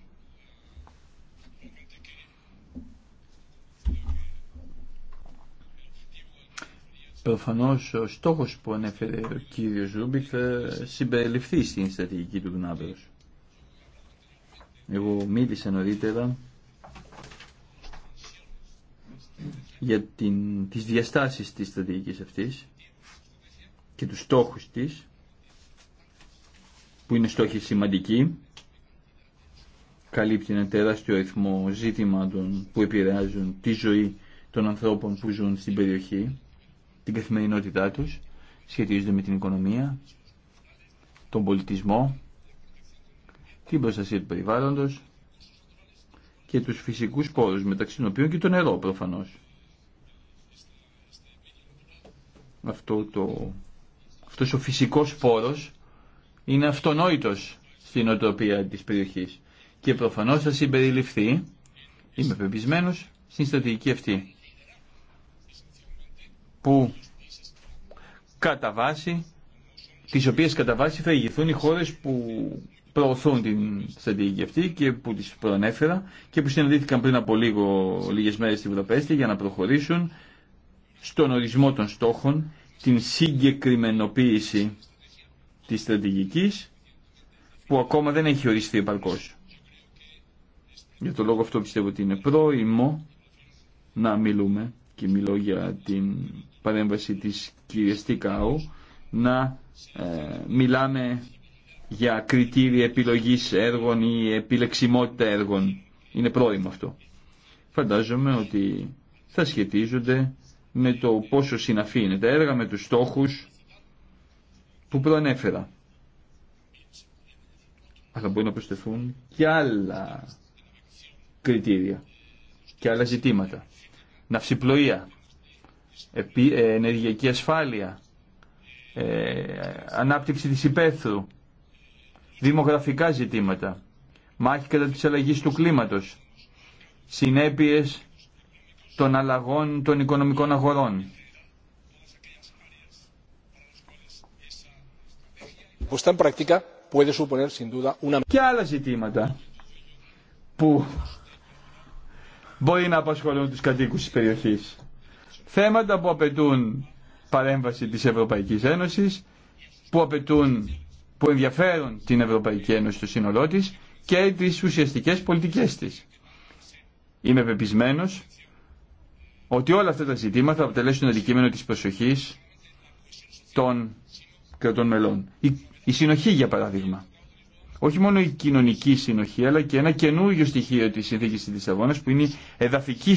Προφανώ ο στόχος που ανέφερε ο κύριος Ρούμπικ θα ε, συμπεριληφθεί στην στρατηγική του Γνάβερος. Εγώ μίλησα νωρίτερα για την, τις διαστάσεις της στρατηγικής αυτής και τους στόχους της, που είναι στόχοι σημαντικοί, καλύπτει ένα τεράστιο αριθμό ζήτηματων που επηρεάζουν τη ζωή των ανθρώπων που ζουν στην περιοχή, την καθημερινότητά τους, σχετίζονται με την οικονομία, τον πολιτισμό, την προστασία του περιβάλλοντος και τους φυσικούς πόρους μεταξύ των οποίων και το νερό προφανώς. αυτό το, αυτός ο φυσικός πόρος είναι αυτονόητος στην οτροπία της περιοχής και προφανώς θα συμπεριληφθεί, είμαι πεπισμένος, στην στρατηγική αυτή που κατά βάση, τις οποίες κατά βάση θα ηγηθούν οι χώρες που προωθούν την στρατηγική αυτή και που τις προανέφερα και που συναντήθηκαν πριν από λίγο, λίγες μέρες στην Βουδαπέστη για να προχωρήσουν στον ορισμό των στόχων την συγκεκριμενοποίηση της στρατηγικής που ακόμα δεν έχει οριστεί επαρκώς. Για το λόγο αυτό πιστεύω ότι είναι πρόημο να μιλούμε και μιλώ για την παρέμβαση της κυρίας Τικάου να ε, μιλάμε για κριτήρια επιλογής έργων ή επιλεξιμότητα έργων. Είναι πρόημο αυτό. Φαντάζομαι ότι θα σχετίζονται με το πόσο συναφή είναι τα έργα, με τους στόχους που προανέφερα. Αλλά μπορεί να προσθεθούν και άλλα κριτήρια και άλλα ζητήματα. Ναυσιπλοεία, ε, ενεργειακή ασφάλεια, ε, ανάπτυξη της υπαίθρου, δημογραφικά ζητήματα, μάχη κατά της αλλαγής του κλίματος, συνέπειες των αλλαγών των οικονομικών αγορών. Και άλλα ζητήματα που μπορεί να απασχολούν τους κατοίκους της περιοχής. Θέματα που απαιτούν παρέμβαση της Ευρωπαϊκής Ένωσης, που απαιτούν, που ενδιαφέρουν την Ευρωπαϊκή Ένωση στο σύνολό της και τις ουσιαστικές πολιτικές της. Είμαι πεπισμένος ότι όλα αυτά τα ζητήματα θα αποτελέσουν αντικείμενο της προσοχής των κρατών μελών. Η, η συνοχή, για παράδειγμα. Όχι μόνο η κοινωνική συνοχή, αλλά και ένα καινούριο στοιχείο της συνθήκης της Λισαβόνας που είναι η εδαφική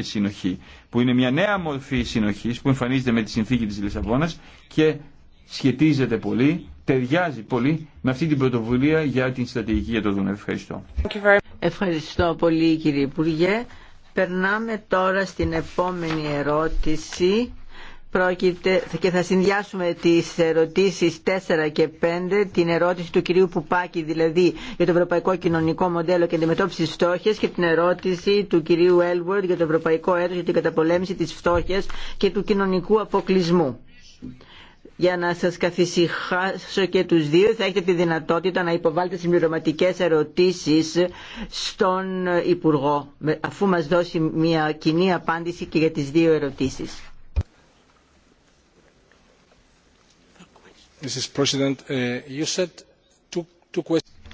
συνοχή, που είναι μια νέα μορφή συνοχής που εμφανίζεται με τη συνθήκη της Λισαβόνας και σχετίζεται πολύ, ταιριάζει πολύ με αυτή την πρωτοβουλία για την στρατηγική για το Δούνευ. Ευχαριστώ. Ευχαριστώ πολύ κύριε Υπουργέ. Περνάμε τώρα στην επόμενη ερώτηση Πρόκειται, και θα συνδυάσουμε τις ερωτήσεις 4 και 5, την ερώτηση του κυρίου Πουπάκη δηλαδή για το Ευρωπαϊκό Κοινωνικό Μοντέλο και αντιμετώπιση Φτώχειας και την ερώτηση του κυρίου Έλβορντ για το Ευρωπαϊκό Έτος για την καταπολέμηση της φτώχειας και του κοινωνικού αποκλεισμού για να σας καθησυχάσω και τους δύο θα έχετε τη δυνατότητα να υποβάλλετε συμπληρωματικές ερωτήσεις στον Υπουργό αφού μας δώσει μια κοινή απάντηση και για τις δύο ερωτήσεις. Uh,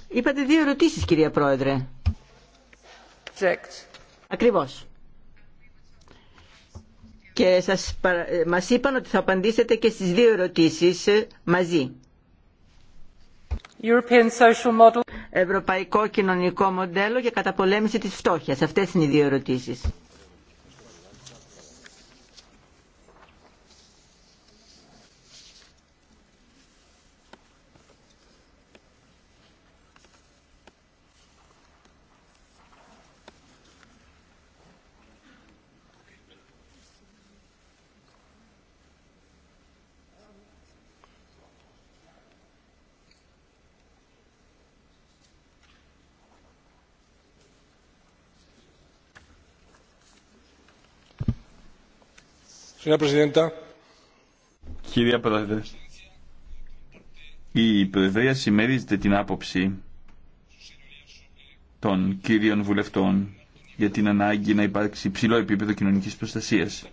Είπατε δύο ερωτήσεις κυρία Πρόεδρε. Checked. Ακριβώς και σας, ε, μας είπαν ότι θα απαντήσετε και στις δύο ερωτήσεις ε, μαζί. Ευρωπαϊκό κοινωνικό μοντέλο για καταπολέμηση της φτώχειας. Αυτές είναι οι δύο ερωτήσεις. Κύριε Πρόεδρε, η Προεδρία συμμερίζεται την άποψη των κύριων βουλευτών για την ανάγκη να υπάρξει ψηλό επίπεδο κοινωνικής προστασίας,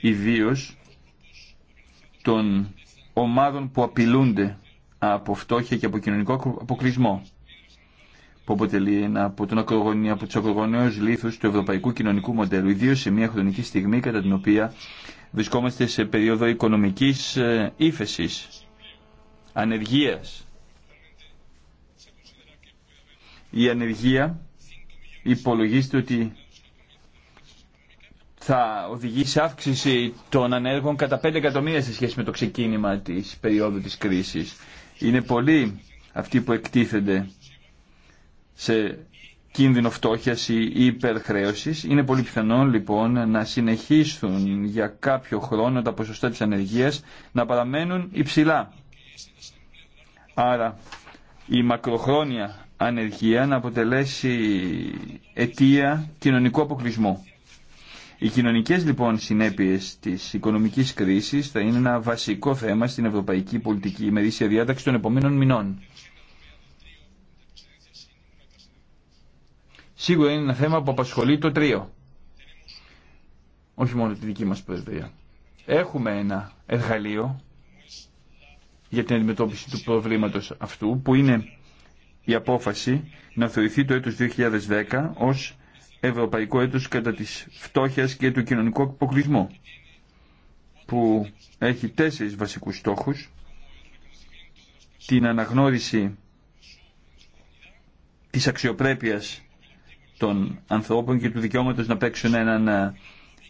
ιδίως των ομάδων που απειλούνται από φτώχεια και από κοινωνικό αποκλεισμό που αποτελεί ένα από, τον ακρογωνία, από λήθους του ευρωπαϊκού κοινωνικού μοντέλου, ιδίω σε μια χρονική στιγμή κατά την οποία βρισκόμαστε σε περίοδο οικονομικής ε, ύφεση, ανεργίας. Η ανεργία υπολογίζεται ότι θα οδηγήσει σε αύξηση των ανέργων κατά 5 εκατομμύρια σε σχέση με το ξεκίνημα της περίοδου της κρίσης. Είναι πολλοί αυτοί που εκτίθενται σε κίνδυνο φτώχειας ή υπερχρέωσης. Είναι πολύ πιθανό λοιπόν να συνεχίσουν για κάποιο χρόνο τα ποσοστά της ανεργίας να παραμένουν υψηλά. Άρα η μακροχρόνια ανεργία να αποτελέσει αιτία κοινωνικού αποκλεισμού. Οι κοινωνικές λοιπόν συνέπειες της οικονομικής κρίσης θα είναι ένα βασικό θέμα στην ευρωπαϊκή πολιτική ημερήσια διάταξη των επόμενων μηνών. σίγουρα είναι ένα θέμα που απασχολεί το τρίο. Όχι μόνο τη δική μας προεδρία. Έχουμε ένα εργαλείο για την αντιμετώπιση του προβλήματος αυτού που είναι η απόφαση να θεωρηθεί το έτος 2010 ως Ευρωπαϊκό έτος κατά της φτώχειας και του κοινωνικού αποκλεισμού που έχει τέσσερις βασικούς στόχους την αναγνώριση της αξιοπρέπειας των ανθρώπων και του δικαιώματος να παίξουν έναν ε,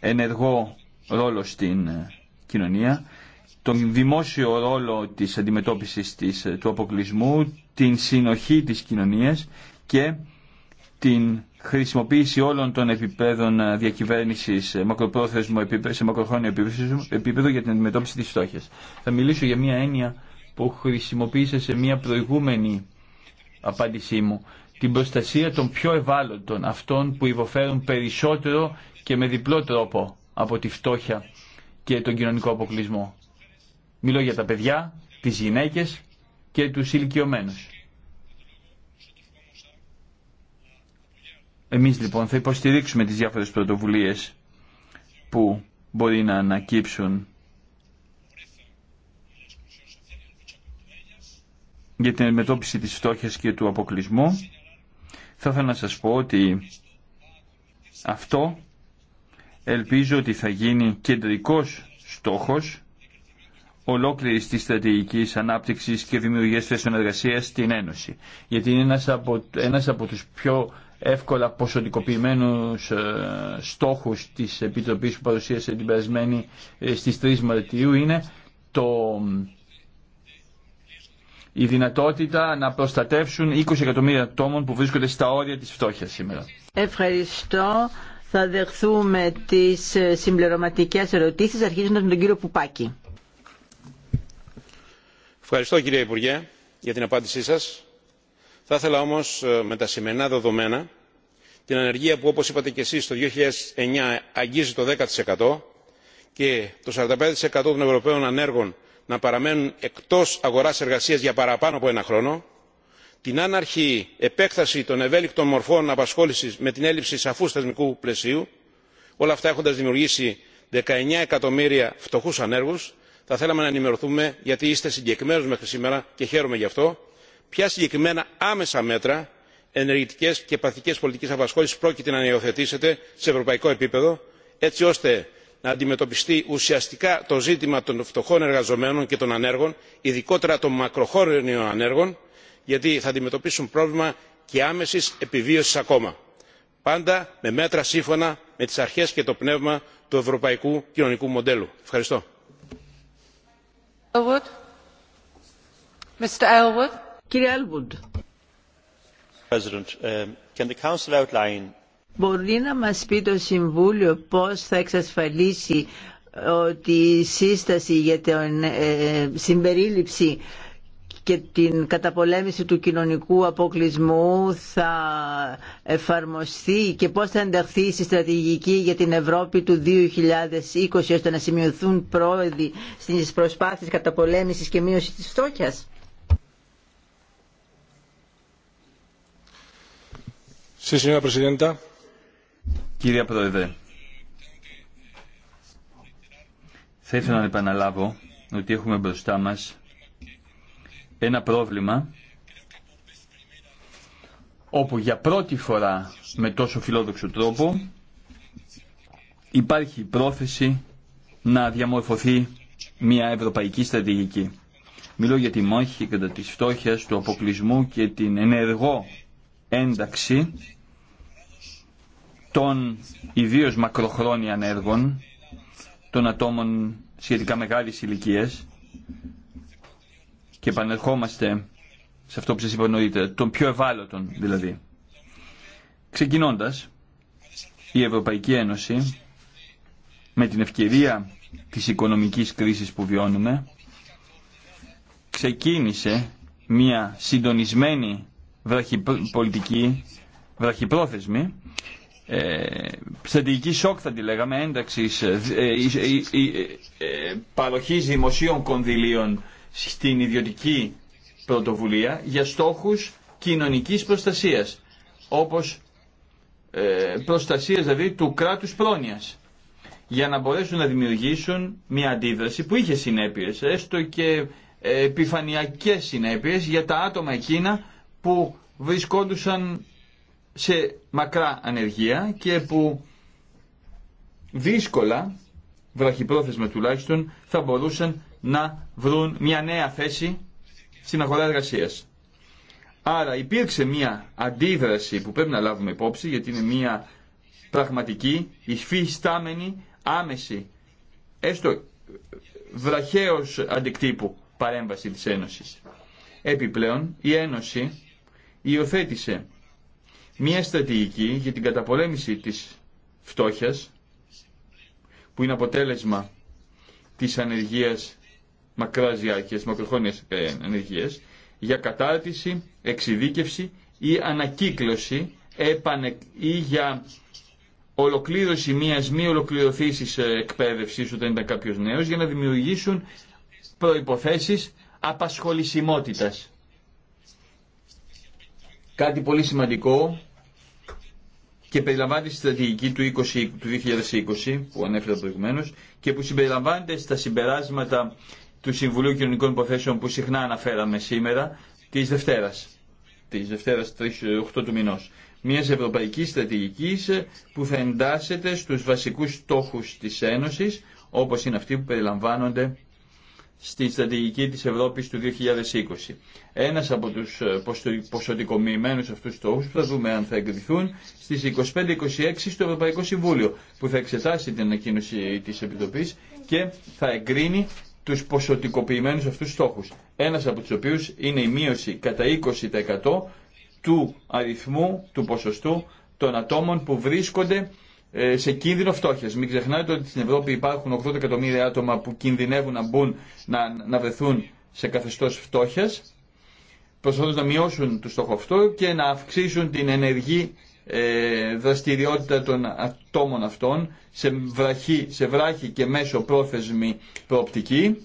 ενεργό ρόλο στην ε, κοινωνία, τον δημόσιο ρόλο της αντιμετώπισης ε, του αποκλεισμού, την συνοχή της κοινωνίας και την χρησιμοποίηση όλων των επιπέδων διακυβέρνησης μακροπρόθεσμο επίπεδο, σε μακροχρόνιο επίπεδο για την αντιμετώπιση της φτώχειας. Θα μιλήσω για μια έννοια που χρησιμοποίησα σε μια προηγούμενη απάντησή μου την προστασία των πιο ευάλωτων, αυτών που υποφέρουν περισσότερο και με διπλό τρόπο από τη φτώχεια και τον κοινωνικό αποκλεισμό. Μιλώ για τα παιδιά, τις γυναίκες και τους ηλικιωμένους. Εμείς λοιπόν θα υποστηρίξουμε τις διάφορες πρωτοβουλίες που μπορεί να ανακύψουν για την αντιμετώπιση της φτώχειας και του αποκλεισμού θα ήθελα να σας πω ότι αυτό ελπίζω ότι θα γίνει κεντρικός στόχος ολόκληρης της στρατηγικής ανάπτυξης και δημιουργίας θέσεων εργασίας στην Ένωση. Γιατί είναι ένας από, ένας από τους πιο εύκολα ποσοτικοποιημένους ε, στόχους της Επιτροπής που παρουσίασε την περασμένη ε, στις 3 Μαρτίου είναι το η δυνατότητα να προστατεύσουν 20 εκατομμύρια ατόμων που βρίσκονται στα όρια της φτώχειας σήμερα. Ευχαριστώ. Θα δεχθούμε τις ε, συμπληρωματικές ερωτήσεις αρχίζοντας με τον κύριο Πουπάκη. Ευχαριστώ κύριε Υπουργέ για την απάντησή σας. Θα ήθελα όμως ε, με τα σημερινά δεδομένα την ανεργία που όπως είπατε και εσείς το 2009 αγγίζει το 10% και το 45% των Ευρωπαίων ανέργων να παραμένουν εκτός αγοράς εργασίας για παραπάνω από ένα χρόνο την άναρχη επέκταση των ευέλικτων μορφών απασχόλησης με την έλλειψη σαφούς θεσμικού πλαισίου όλα αυτά έχοντας δημιουργήσει 19 εκατομμύρια φτωχούς ανέργους θα θέλαμε να ενημερωθούμε γιατί είστε συγκεκριμένος μέχρι σήμερα και χαίρομαι γι' αυτό ποια συγκεκριμένα άμεσα μέτρα ενεργητικές και παθητικές πολιτικές απασχόλησης πρόκειται να υιοθετήσετε σε ευρωπαϊκό επίπεδο έτσι ώστε να αντιμετωπιστεί ουσιαστικά το ζήτημα των φτωχών εργαζομένων και των ανέργων ειδικότερα των μακροχρόνιων ανέργων γιατί θα αντιμετωπίσουν πρόβλημα και άμεσης επιβίωσης ακόμα πάντα με μέτρα σύμφωνα με τις αρχές και το πνεύμα του ευρωπαϊκού κοινωνικού μοντέλου. ευχαριστώ. Mr. Elwood. Μπορεί να μας πει το Συμβούλιο πώς θα εξασφαλίσει ότι η σύσταση για την ε, συμπερίληψη και την καταπολέμηση του κοινωνικού αποκλεισμού θα εφαρμοστεί και πώς θα ενταχθεί στη στρατηγική για την Ευρώπη του 2020 ώστε να σημειωθούν πρόοδοι στις προσπάθειες καταπολέμησης και μείωσης της φτώχειας. Sí, señora Κύριε Πρόεδρε, θα ήθελα να επαναλάβω ότι έχουμε μπροστά μας ένα πρόβλημα όπου για πρώτη φορά με τόσο φιλόδοξο τρόπο υπάρχει πρόθεση να διαμορφωθεί μια ευρωπαϊκή στρατηγική. Μιλώ για τη μόχη κατά της φτώχειας, του αποκλεισμού και την ενεργό ένταξη των ιδίως μακροχρόνιων έργων, των ατόμων σχετικά μεγάλης ηλικία και επανερχόμαστε σε αυτό που σας είπα νωρίτερα, των πιο ευάλωτων δηλαδή. Ξεκινώντας, η Ευρωπαϊκή Ένωση με την ευκαιρία της οικονομικής κρίσης που βιώνουμε ξεκίνησε μια συντονισμένη βραχυπολιτική, βραχυπρόθεσμη ε, στρατηγική σοκ θα τη λέγαμε ένταξη ε ε, ε, ε, ε, παροχής δημοσίων κονδυλίων στην ιδιωτική πρωτοβουλία για στόχους κοινωνικής προστασίας όπως προστασίας δηλαδή του κράτους πρόνοιας για να μπορέσουν να δημιουργήσουν μια αντίδραση που είχε συνέπειες έστω και επιφανειακές συνέπειες για τα άτομα εκείνα που βρισκόντουσαν σε μακρά ανεργία και που δύσκολα, βραχυπρόθεσμα τουλάχιστον, θα μπορούσαν να βρουν μια νέα θέση στην αγορά εργασία. Άρα υπήρξε μια αντίδραση που πρέπει να λάβουμε υπόψη γιατί είναι μια πραγματική, υφιστάμενη, άμεση, έστω βραχαίως αντικτύπου παρέμβαση της Ένωσης. Επιπλέον η Ένωση υιοθέτησε μια στρατηγική για την καταπολέμηση της φτώχειας που είναι αποτέλεσμα της ανεργίας μακράς διάρκειας, μακροχρόνιας ε, για κατάρτιση, εξειδίκευση ή ανακύκλωση επανε, ή για ολοκλήρωση μιας μη ολοκληρωθήσης ε, εκπαίδευσης όταν ήταν κάποιος νέος για να δημιουργήσουν προϋποθέσεις απασχολησιμότητας. Κάτι πολύ σημαντικό και περιλαμβάνεται στη στρατηγική του, 20, του 2020 που ανέφερα προηγουμένω και που συμπεριλαμβάνεται στα συμπεράσματα του Συμβουλίου Κοινωνικών Υποθέσεων που συχνά αναφέραμε σήμερα τη Δευτέρα. Τη Δευτέρα 8 του μηνό. Μια ευρωπαϊκή στρατηγική που θα εντάσσεται στου βασικού στόχου τη Ένωση όπω είναι αυτοί που περιλαμβάνονται στην στρατηγική της Ευρώπης του 2020. Ένας από τους ε, ποσοτικομοιημένους αυτούς στόχους που θα δούμε αν θα εγκριθούν στις 25-26 στο Ευρωπαϊκό Συμβούλιο που θα εξετάσει την ανακοίνωση της Επιτροπής και θα εγκρίνει τους ποσοτικοποιημένους αυτούς στόχους. Ένας από τους οποίους είναι η μείωση κατά 20% του αριθμού, του ποσοστού των ατόμων που βρίσκονται ε, σε κίνδυνο φτώχεια. Μην ξεχνάτε ότι στην Ευρώπη υπάρχουν 80 εκατομμύρια άτομα που κινδυνεύουν να, μπουν, να, να βρεθούν σε καθεστώ φτώχεια, προσπαθώντα να μειώσουν το στόχο αυτό και να αυξήσουν την ενεργή ε, δραστηριότητα των ατόμων αυτών σε βράχη, σε βράχη και μέσο πρόθεσμη προοπτική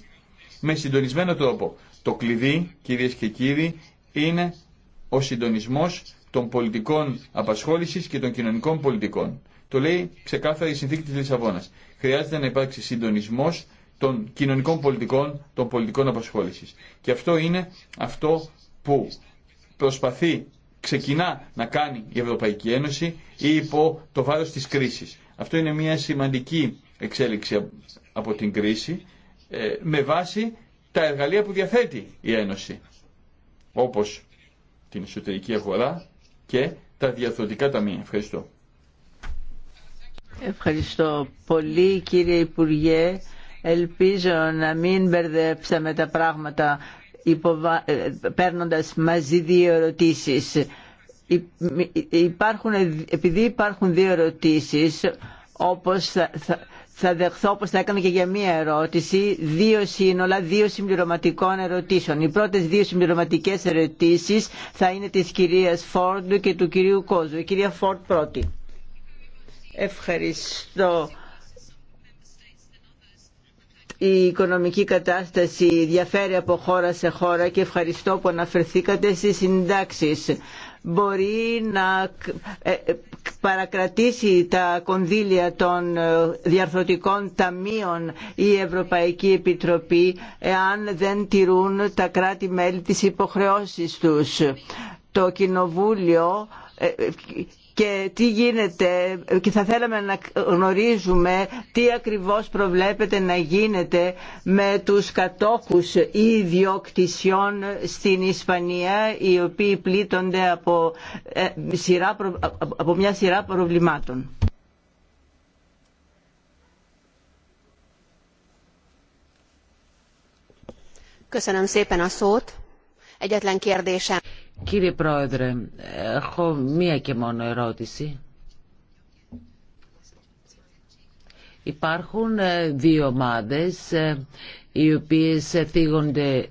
με συντονισμένο τρόπο. Το κλειδί, κύριε και κύριοι, είναι ο συντονισμός των πολιτικών απασχόλησης και των κοινωνικών πολιτικών. Το λέει ξεκάθαρα η συνθήκη τη Λισαβόνα. Χρειάζεται να υπάρξει συντονισμό των κοινωνικών πολιτικών, των πολιτικών απασχόληση. Και αυτό είναι αυτό που προσπαθεί, ξεκινά να κάνει η Ευρωπαϊκή Ένωση η υπό το βάρος της κρίσης. Αυτό είναι μια σημαντική εξέλιξη από την κρίση ε, με βάση τα εργαλεία που διαθέτει η Ένωση όπως την εσωτερική αγορά και τα διαθροτικά ταμεία. Ευχαριστώ. Ευχαριστώ πολύ κύριε Υπουργέ. Ελπίζω να μην μπερδέψαμε τα πράγματα υποβα... Ε, παίρνοντας μαζί δύο ερωτήσεις. Υπάρχουν... Επειδή υπάρχουν δύο ερωτήσεις, όπως θα, θα, δεχθώ όπως θα έκανα και για μία ερώτηση, δύο σύνολα, δύο συμπληρωματικών ερωτήσεων. Οι πρώτες δύο συμπληρωματικές ερωτήσεις θα είναι της κυρίας Φόρντ και του κυρίου Κόζου. Η κυρία Φόρντ πρώτη. Ευχαριστώ. Η οικονομική κατάσταση διαφέρει από χώρα σε χώρα και ευχαριστώ που αναφερθήκατε στις συντάξεις. Μπορεί να ε, ε, παρακρατήσει τα κονδύλια των ε, διαρθρωτικών ταμείων η Ευρωπαϊκή Επιτροπή εάν δεν τηρούν τα κράτη-μέλη τις υποχρεώσεις τους. Το Κοινοβούλιο και τι γίνεται και θα θέλαμε να γνωρίζουμε τι ακριβώς προβλέπεται να γίνεται με τους κατόχους ιδιοκτησιών στην Ισπανία οι οποίοι πλήττονται από, ε, από μια σειρά προβλημάτων. Köszönöm szépen a szót. Egyetlen kérdésem. Κύριε Πρόεδρε, έχω μία και μόνο ερώτηση. Υπάρχουν ε, δύο ομάδες ε, οι οποίες θίγονται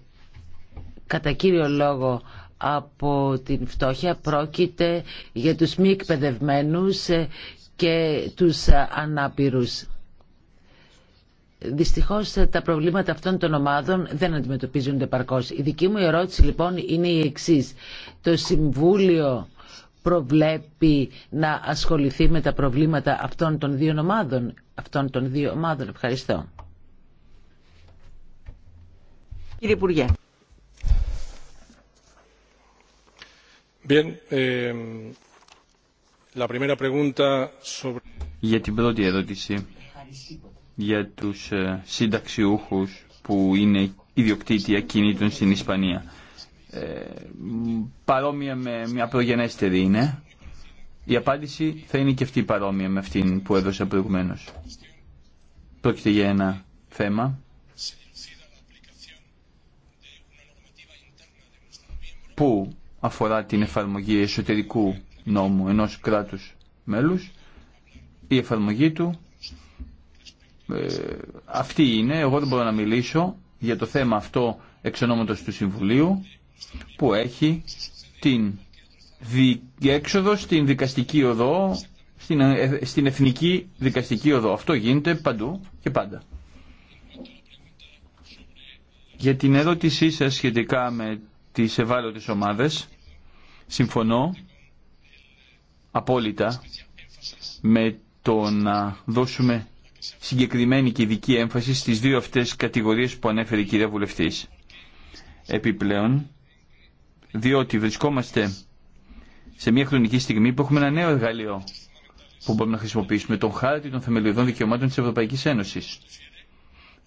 κατά κύριο λόγο από την φτώχεια. Πρόκειται για τους μη εκπαιδευμένους ε, και τους ανάπηρους. Δυστυχώ, τα προβλήματα αυτών των ομάδων δεν αντιμετωπίζονται παρκώ. Η δική μου ερώτηση λοιπόν είναι η εξής. Το Συμβούλιο προβλέπει να ασχοληθεί με τα προβλήματα αυτών των δύο ομάδων. Αυτών των δύο ομάδων. Ευχαριστώ. Κύριε Υπουργέ. Bien, eh, la primera pregunta sobre... Για την πρώτη ερώτηση. Ευχαριστώ για τους ε, συνταξιούχους που είναι ιδιοκτήτη κινήτων στην Ισπανία. Ε, παρόμοια με μια προγενέστερη είναι. Η απάντηση θα είναι και αυτή παρόμοια με αυτήν που έδωσα προηγουμένω. Πρόκειται για ένα θέμα που αφορά την εφαρμογή εσωτερικού νόμου ενός κράτους μέλους. Η εφαρμογή του ε, αυτή είναι, εγώ δεν μπορώ να μιλήσω για το θέμα αυτό εξ του Συμβουλίου που έχει την έξοδο στην δικαστική οδό, στην, ε, στην εθνική δικαστική οδό. Αυτό γίνεται παντού και πάντα. Για την ερώτησή σας σχετικά με τις ευάλωτες ομάδες, συμφωνώ απόλυτα με το να δώσουμε συγκεκριμένη και ειδική έμφαση στις δύο αυτές κατηγορίες που ανέφερε η κυρία Βουλευτής. Επιπλέον, διότι βρισκόμαστε σε μια χρονική στιγμή που έχουμε ένα νέο εργαλείο που μπορούμε να χρησιμοποιήσουμε, τον χάρτη των θεμελιωδών δικαιωμάτων της Ευρωπαϊκής Ένωσης,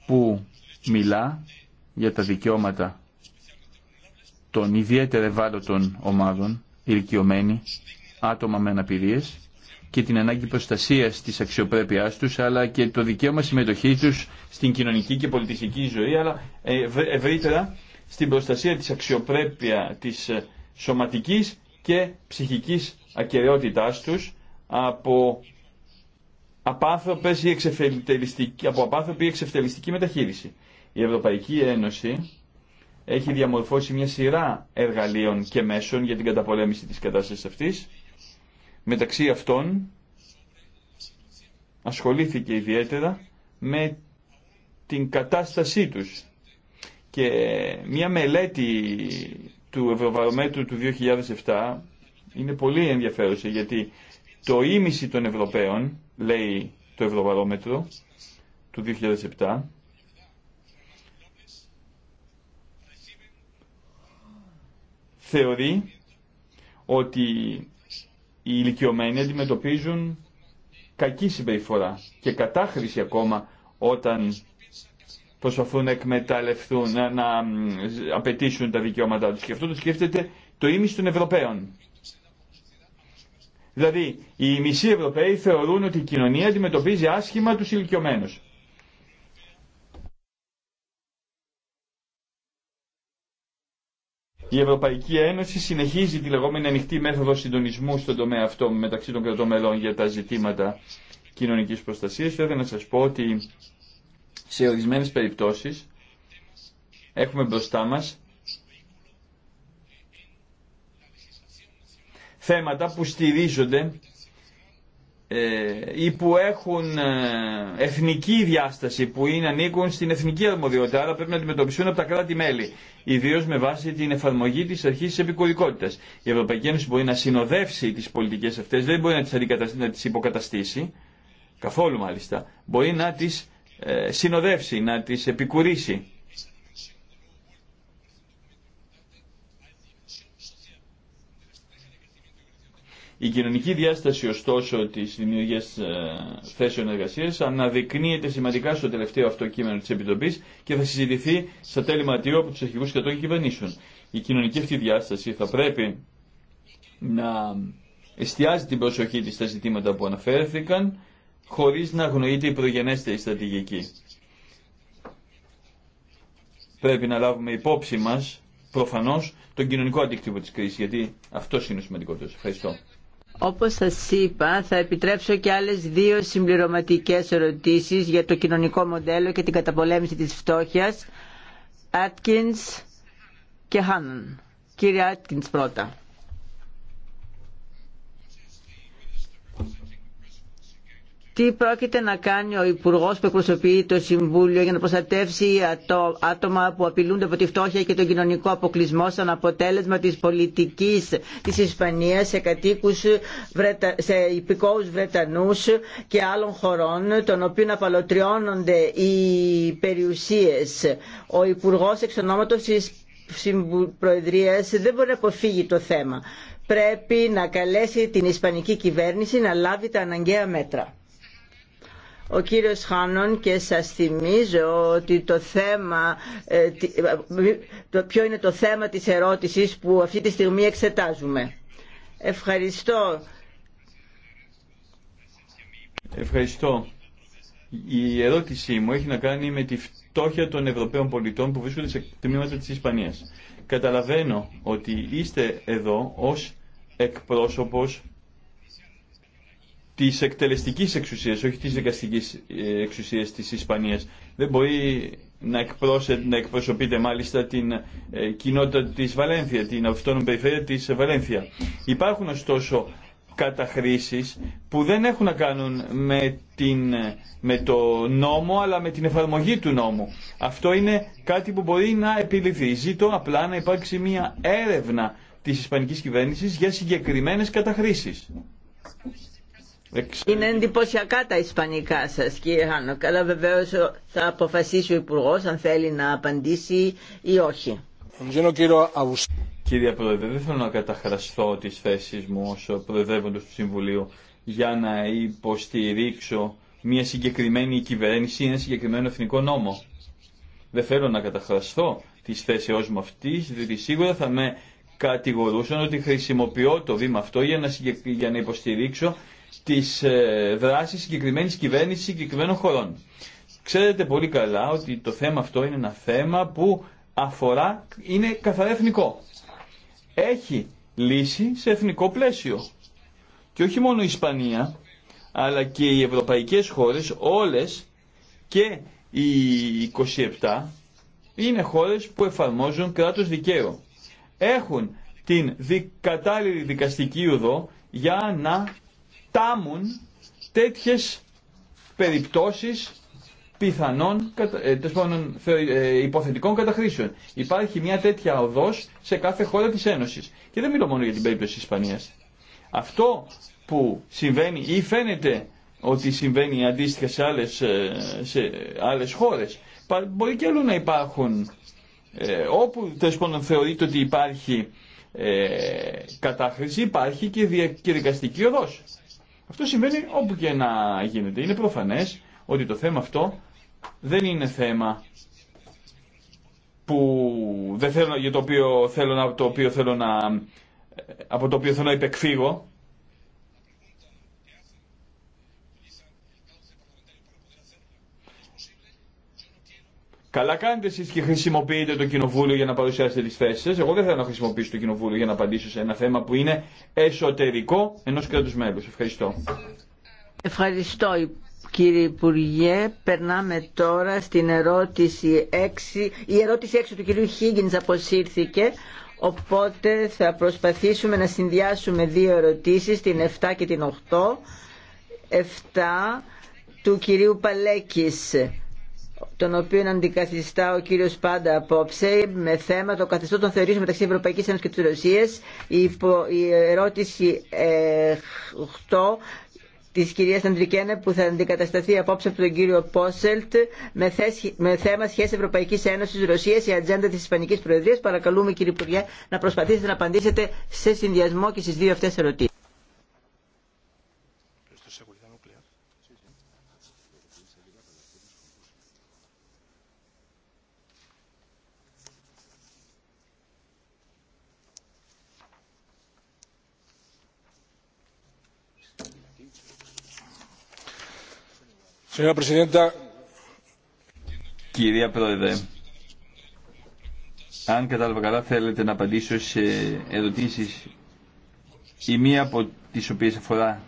που μιλά για τα δικαιώματα των ιδιαίτερα ευάλωτων ομάδων, ηλικιωμένοι, άτομα με αναπηρίες, και την ανάγκη προστασίας τη αξιοπρέπεια τους, αλλά και το δικαίωμα συμμετοχής του στην κοινωνική και πολιτιστική ζωή, αλλά ε, ευρύτερα στην προστασία τη αξιοπρέπεια της ε, σωματικής και ψυχικής ακεραιότητάς τους από απάνθρωπες ή εξεφελιστική, από απάνθρωπη ή εξευτελιστική μεταχείριση. Η εξευτελιστικη απο απανθρωπη Ένωση έχει διαμορφώσει μια σειρά εργαλείων και μέσων για την καταπολέμηση της κατάστασης αυτής Μεταξύ αυτών ασχολήθηκε ιδιαίτερα με την κατάστασή τους και μια μελέτη του Ευρωβαρομέτρου του 2007 είναι πολύ ενδιαφέρουσα γιατί το ίμιση των Ευρωπαίων, λέει το Ευρωβαρόμετρο του 2007, θεωρεί ότι οι ηλικιωμένοι αντιμετωπίζουν κακή συμπεριφορά και κατάχρηση ακόμα όταν προσπαθούν να εκμεταλλευτούν, να, να απαιτήσουν τα δικαιώματά τους. Και αυτό το σκέφτεται το ίμιση των Ευρωπαίων. Δηλαδή, οι μισοί Ευρωπαίοι θεωρούν ότι η κοινωνία αντιμετωπίζει άσχημα τους ηλικιωμένους. Η Ευρωπαϊκή Ένωση συνεχίζει τη λεγόμενη ανοιχτή μέθοδο συντονισμού στον τομέα αυτό μεταξύ των κρατών μελών για τα ζητήματα κοινωνικής προστασίας. Θέλω να σας πω ότι σε ορισμένες περιπτώσεις έχουμε μπροστά μας θέματα που στηρίζονται ε, ή που έχουν ε, εθνική διάσταση, που είναι, ανήκουν στην εθνική αρμοδιότητα, άρα πρέπει να αντιμετωπιστούν από τα κράτη-μέλη, ιδίω με βάση την εφαρμογή τη αρχή τη επικουρικότητα. Η Ευρωπαϊκή Ένωση μπορεί να συνοδεύσει τι πολιτικέ αυτέ, δεν μπορεί να τι υποκαταστήσει, καθόλου μάλιστα. Μπορεί να τι ε, συνοδεύσει, να τι επικουρήσει. Η κοινωνική διάσταση ωστόσο τη δημιουργία ε, θέσεων εργασία αναδεικνύεται σημαντικά στο τελευταίο αυτό κείμενο τη Επιτροπή και θα συζητηθεί στα τέλη Μαρτίου από του αρχηγού και και κυβερνήσεων. Η κοινωνική αυτή διάσταση θα πρέπει να εστιάζει την προσοχή τη στα ζητήματα που αναφέρθηκαν, χωρί να αγνοείται η προγενέστερη στρατηγική. Πρέπει να λάβουμε υπόψη μα προφανώ τον κοινωνικό αντίκτυπο τη κρίσης, γιατί αυτό είναι ο σημαντικότερο. Ευχαριστώ. Όπως σας είπα, θα επιτρέψω και άλλες δύο συμπληρωματικές ερωτήσεις για το κοινωνικό μοντέλο και την καταπολέμηση της φτώχειας. Άτκινς και Χάνον. Κύριε Άτκινς πρώτα. τι πρόκειται να κάνει ο Υπουργό που εκπροσωπεί το Συμβούλιο για να προστατεύσει άτομα που απειλούνται από τη φτώχεια και τον κοινωνικό αποκλεισμό σαν αποτέλεσμα τη πολιτική τη Ισπανία σε κατοίκου, σε υπηκόου Βρετανού και άλλων χωρών, των οποίων απαλωτριώνονται οι περιουσίε. Ο Υπουργό εξ ονόματο τη Προεδρία δεν μπορεί να αποφύγει το θέμα. Πρέπει να καλέσει την Ισπανική κυβέρνηση να λάβει τα αναγκαία μέτρα ο κύριος Χάνων και σας θυμίζω ότι το θέμα, ε, ε, το ποιο είναι το θέμα της ερώτησης που αυτή τη στιγμή εξετάζουμε. Ευχαριστώ. Ευχαριστώ. Η ερώτησή μου έχει να κάνει με τη φτώχεια των Ευρωπαίων πολιτών που βρίσκονται σε τμήματα της Ισπανίας. Καταλαβαίνω ότι είστε εδώ ως εκπρόσωπος Τη εκτελεστική εξουσία, όχι τη δικαστική ε, εξουσία τη Ισπανία. Δεν μπορεί να, να εκπροσωπείται μάλιστα την ε, κοινότητα τη Βαλένθια, την αυτόνομη περιφέρεια τη Βαλένθια. Υπάρχουν ωστόσο καταχρήσει που δεν έχουν να κάνουν με, την, με το νόμο αλλά με την εφαρμογή του νόμου. Αυτό είναι κάτι που μπορεί να επιληθεί. Ζήτω απλά να υπάρξει μια έρευνα της Ισπανικής κυβέρνησης για συγκεκριμένες καταχρήσεις. Είναι εντυπωσιακά τα ισπανικά σα, κύριε Χάνοκ, αλλά βεβαίω θα αποφασίσει ο υπουργό αν θέλει να απαντήσει ή όχι. Κύριε Πρόεδρε, δεν θέλω να καταχραστώ τι θέσει μου ω Προεδρεύοντος του Συμβουλίου για να υποστηρίξω μια συγκεκριμένη κυβέρνηση ή ένα συγκεκριμένο εθνικό νόμο. Δεν θέλω να καταχραστώ τι θέσει μου αυτή, διότι σίγουρα θα με κατηγορούσαν ότι χρησιμοποιώ το βήμα αυτό για να, για να υποστηρίξω τις ε, δράσει συγκεκριμένη κυβέρνηση συγκεκριμένων χωρών. Ξέρετε πολύ καλά ότι το θέμα αυτό είναι ένα θέμα που αφορά, είναι καθαρά εθνικό. Έχει λύση σε εθνικό πλαίσιο. Και όχι μόνο η Ισπανία, αλλά και οι ευρωπαϊκές χώρες, όλες και οι 27, είναι χώρες που εφαρμόζουν κράτος δικαίου. Έχουν την κατάλληλη δικαστική οδό για να τάμουν τέτοιες περιπτώσεις πιθανών ε, ε, υποθετικών καταχρήσεων. Υπάρχει μια τέτοια οδός σε κάθε χώρα της Ένωσης. Και δεν μιλώ μόνο για την περίπτωση της Ισπανίας. Αυτό που συμβαίνει ή φαίνεται ότι συμβαίνει αντίστοιχα σε άλλες, ε, σε χώρες. Μπορεί και αλλού να υπάρχουν, όπου πάνω, θεωρείται ότι υπάρχει κατάχρηση, υπάρχει και, δια, και οδός. Αυτό σημαίνει όπου και να γίνεται. Είναι προφανές ότι το θέμα αυτό δεν είναι θέμα που δεν θέλω, για το οποίο θέλω, να, το οποίο θέλω να, ε, από το οποίο θέλω να υπεκφύγω. Καλά κάνετε εσεί και χρησιμοποιείτε το κοινοβούλιο για να παρουσιάσετε τι θέσει σα. Εγώ δεν θέλω να χρησιμοποιήσω το κοινοβούλιο για να απαντήσω σε ένα θέμα που είναι εσωτερικό ενό κράτου μέλου. Ευχαριστώ. Ευχαριστώ κύριε Υπουργέ. Περνάμε τώρα στην ερώτηση 6. Η ερώτηση 6 του κυρίου Χίγκιν αποσύρθηκε. Οπότε θα προσπαθήσουμε να συνδυάσουμε δύο ερωτήσεις, την 7 και την 8. 7 του κυρίου Παλέκης τον οποίο αντικαθιστά ο κύριο Πάντα απόψε με θέμα το καθεστώ των θεωρήσεων μεταξύ Ευρωπαϊκή Ένωση και της Ρωσίας η ερώτηση 8 ε, της κυρίας Αντρικένε που θα αντικατασταθεί απόψε από τον κύριο Πόσελτ με, θέμα σχέση Ευρωπαϊκής Ένωσης Ρωσίας η ατζέντα της Ισπανικής Προεδρίας. Παρακαλούμε κύριε Υπουργέ να προσπαθήσετε να απαντήσετε σε συνδυασμό και στις δύο αυτές ερωτήσει. Κυρία Πρόεδρε, αν κατάλαβα καλά θέλετε να απαντήσω σε ερωτήσεις η μία από τις οποίες αφορά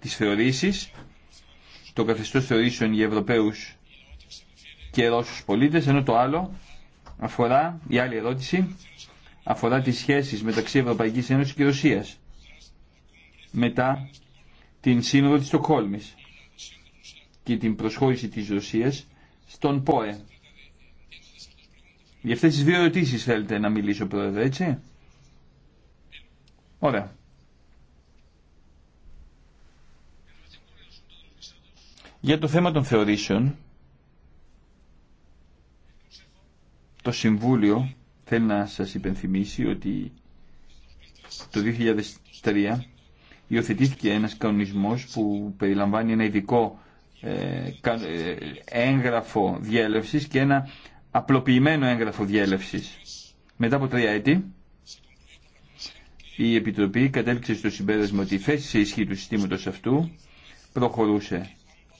τις θεωρήσεις, το καθεστώς θεωρήσεων για Ευρωπαίους και Ρώσους πολίτες, ενώ το άλλο αφορά, η άλλη ερώτηση, αφορά τις σχέσεις μεταξύ Ευρωπαϊκής Ένωσης και Ρωσίας μετά την σύνοδο της Στοκχόλμης και την προσχώρηση της Ρωσίας στον ΠΟΕ. Για αυτές τις δύο ερωτήσεις θέλετε να μιλήσω πρόεδρε, έτσι. Ωραία. Για το θέμα των θεωρήσεων, το Συμβούλιο θέλει να σας υπενθυμίσει ότι το 2003 υιοθετήθηκε ένας κανονισμός που περιλαμβάνει ένα ειδικό ε, ε, έγγραφο διέλευσης και ένα απλοποιημένο έγγραφο διέλευσης. Μετά από τρία έτη, η Επιτροπή κατέληξε στο συμπέρασμα ότι η θέση σε ισχύ του συστήματος αυτού προχωρούσε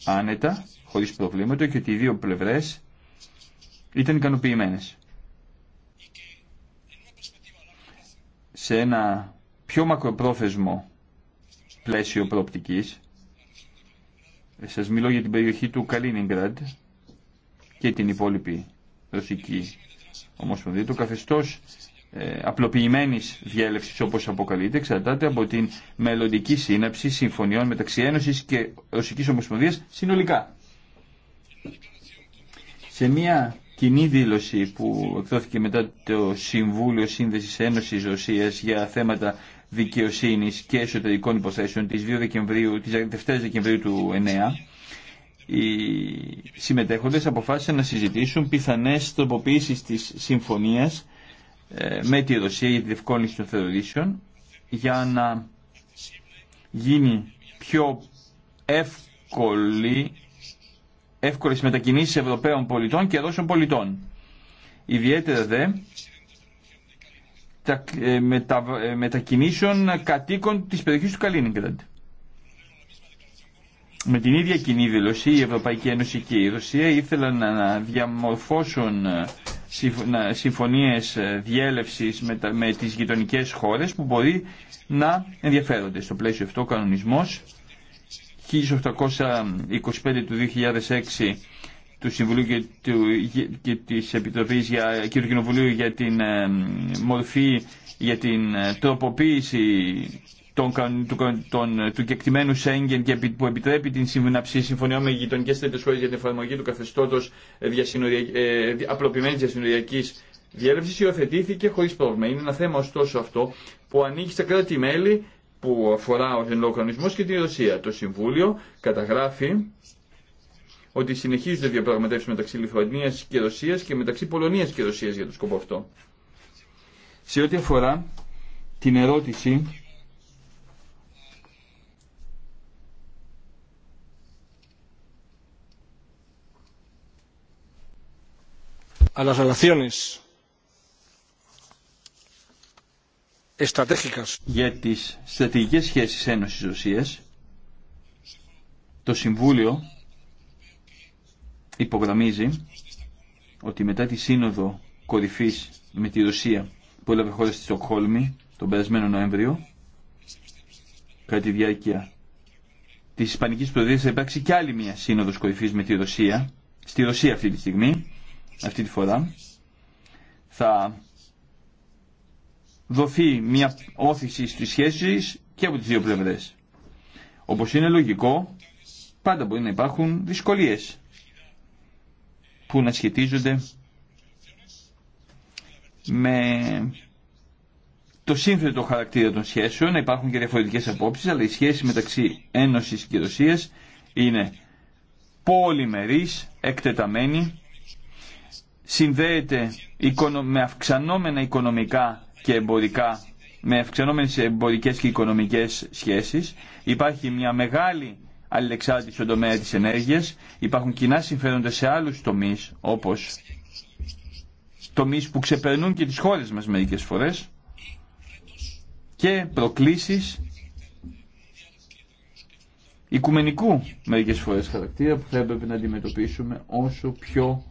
άνετα, χωρίς προβλήματα και ότι οι δύο πλευρές ήταν ικανοποιημένες. Σε ένα πιο μακροπρόθεσμο πλαίσιο προοπτικής, σας μιλώ για την περιοχή του Καλίνιγκραντ και την υπόλοιπη ρωσική ομοσπονδία. Το καθεστώς ε, απλοποιημένης διέλευσης όπως αποκαλείται εξαρτάται από την μελλοντική σύναψη συμφωνιών μεταξύ Ένωσης και Ρωσικής Ομοσπονδίας συνολικά. Σε μια κοινή δήλωση που εκδόθηκε μετά το Συμβούλιο Σύνδεσης Ένωσης Ρωσίας για θέματα Δικαιοσύνη και Εσωτερικών Υποθέσεων τη 2 Δεκεμβρίου, της Δεκεμβρίου του 2009, οι συμμετέχοντες αποφάσισαν να συζητήσουν πιθανές τροποποιήσει τη συμφωνία ε, με τη Ρωσία για τη διευκόλυνση των θεωρήσεων για να γίνει πιο εύκολη, εύκολες μετακινήσεις Ευρωπαίων πολιτών και Ρώσων πολιτών. Ιδιαίτερα δε ε, ε, μετακινήσεων κατοίκων της περιοχής του Καλίνιγκραντ. Με την ίδια κοινή δήλωση η Ευρωπαϊκή Ένωση και η Ρωσία ήθελαν να διαμορφώσουν ε, συμφωνίες διέλευσης με, με τις γειτονικές χώρες που μπορεί να ενδιαφέρονται. Στο πλαίσιο αυτό ο κανονισμός 1825 του 2006 του Συμβουλίου και, του, και της Επιτροπής για, και του Κοινοβουλίου για την ε, μορφή, για την ε, τροποποίηση των, των, ε, του κεκτημένου Σέγγεν και που επιτρέπει την συμβουναψή συμφωνιών με γειτονικέ τρίτε χώρε για την εφαρμογή του καθεστώτο ε, απλοποιημένη διασυνοριακή διέλευση υιοθετήθηκε χωρί πρόβλημα. Είναι ένα θέμα ωστόσο αυτό που ανοίγει στα κράτη-μέλη που αφορά ο εν και την Ρωσία. Το Συμβούλιο καταγράφει ότι συνεχίζονται διαπραγματεύσει μεταξύ Λιθουανία και Ρωσία και μεταξύ Πολωνία και Ρωσία για τον σκοπό αυτό. Σε ό,τι αφορά την ερώτηση για τις στρατηγικές σχέσεις Ένωσης Ρωσίας το Συμβούλιο υπογραμμίζει ότι μετά τη σύνοδο κορυφή με τη Ρωσία που έλαβε χώρα στη Στοκχόλμη τον περασμένο Νοέμβριο κατά τη διάρκεια τη Ισπανική Προεδρία θα υπάρξει και άλλη μια σύνοδο κορυφή με τη Ρωσία, στη Ρωσία αυτή τη στιγμή, αυτή τη φορά. Θα δοθεί μια όθηση στι σχέσει και από τι δύο πλευρέ. Όπω είναι λογικό, πάντα μπορεί να υπάρχουν δυσκολίε που να σχετίζονται με το σύνθετο χαρακτήρα των σχέσεων, υπάρχουν και διαφορετικές απόψεις, αλλά η σχέση μεταξύ Ένωσης και Ρωσίας είναι πολυμερής, εκτεταμένη, συνδέεται με αυξανόμενα οικονομικά και εμπορικά, με αυξανόμενες εμπορικές και οικονομικές σχέσεις. Υπάρχει μια μεγάλη αλληλεξάρτητη στον τομέα της ενέργειας, υπάρχουν κοινά συμφέροντα σε άλλους τομείς, όπως τομείς που ξεπερνούν και τις χώρες μας μερικές φορές και προκλήσεις οικουμενικού μερικές φορές χαρακτήρα που θα έπρεπε να αντιμετωπίσουμε όσο πιο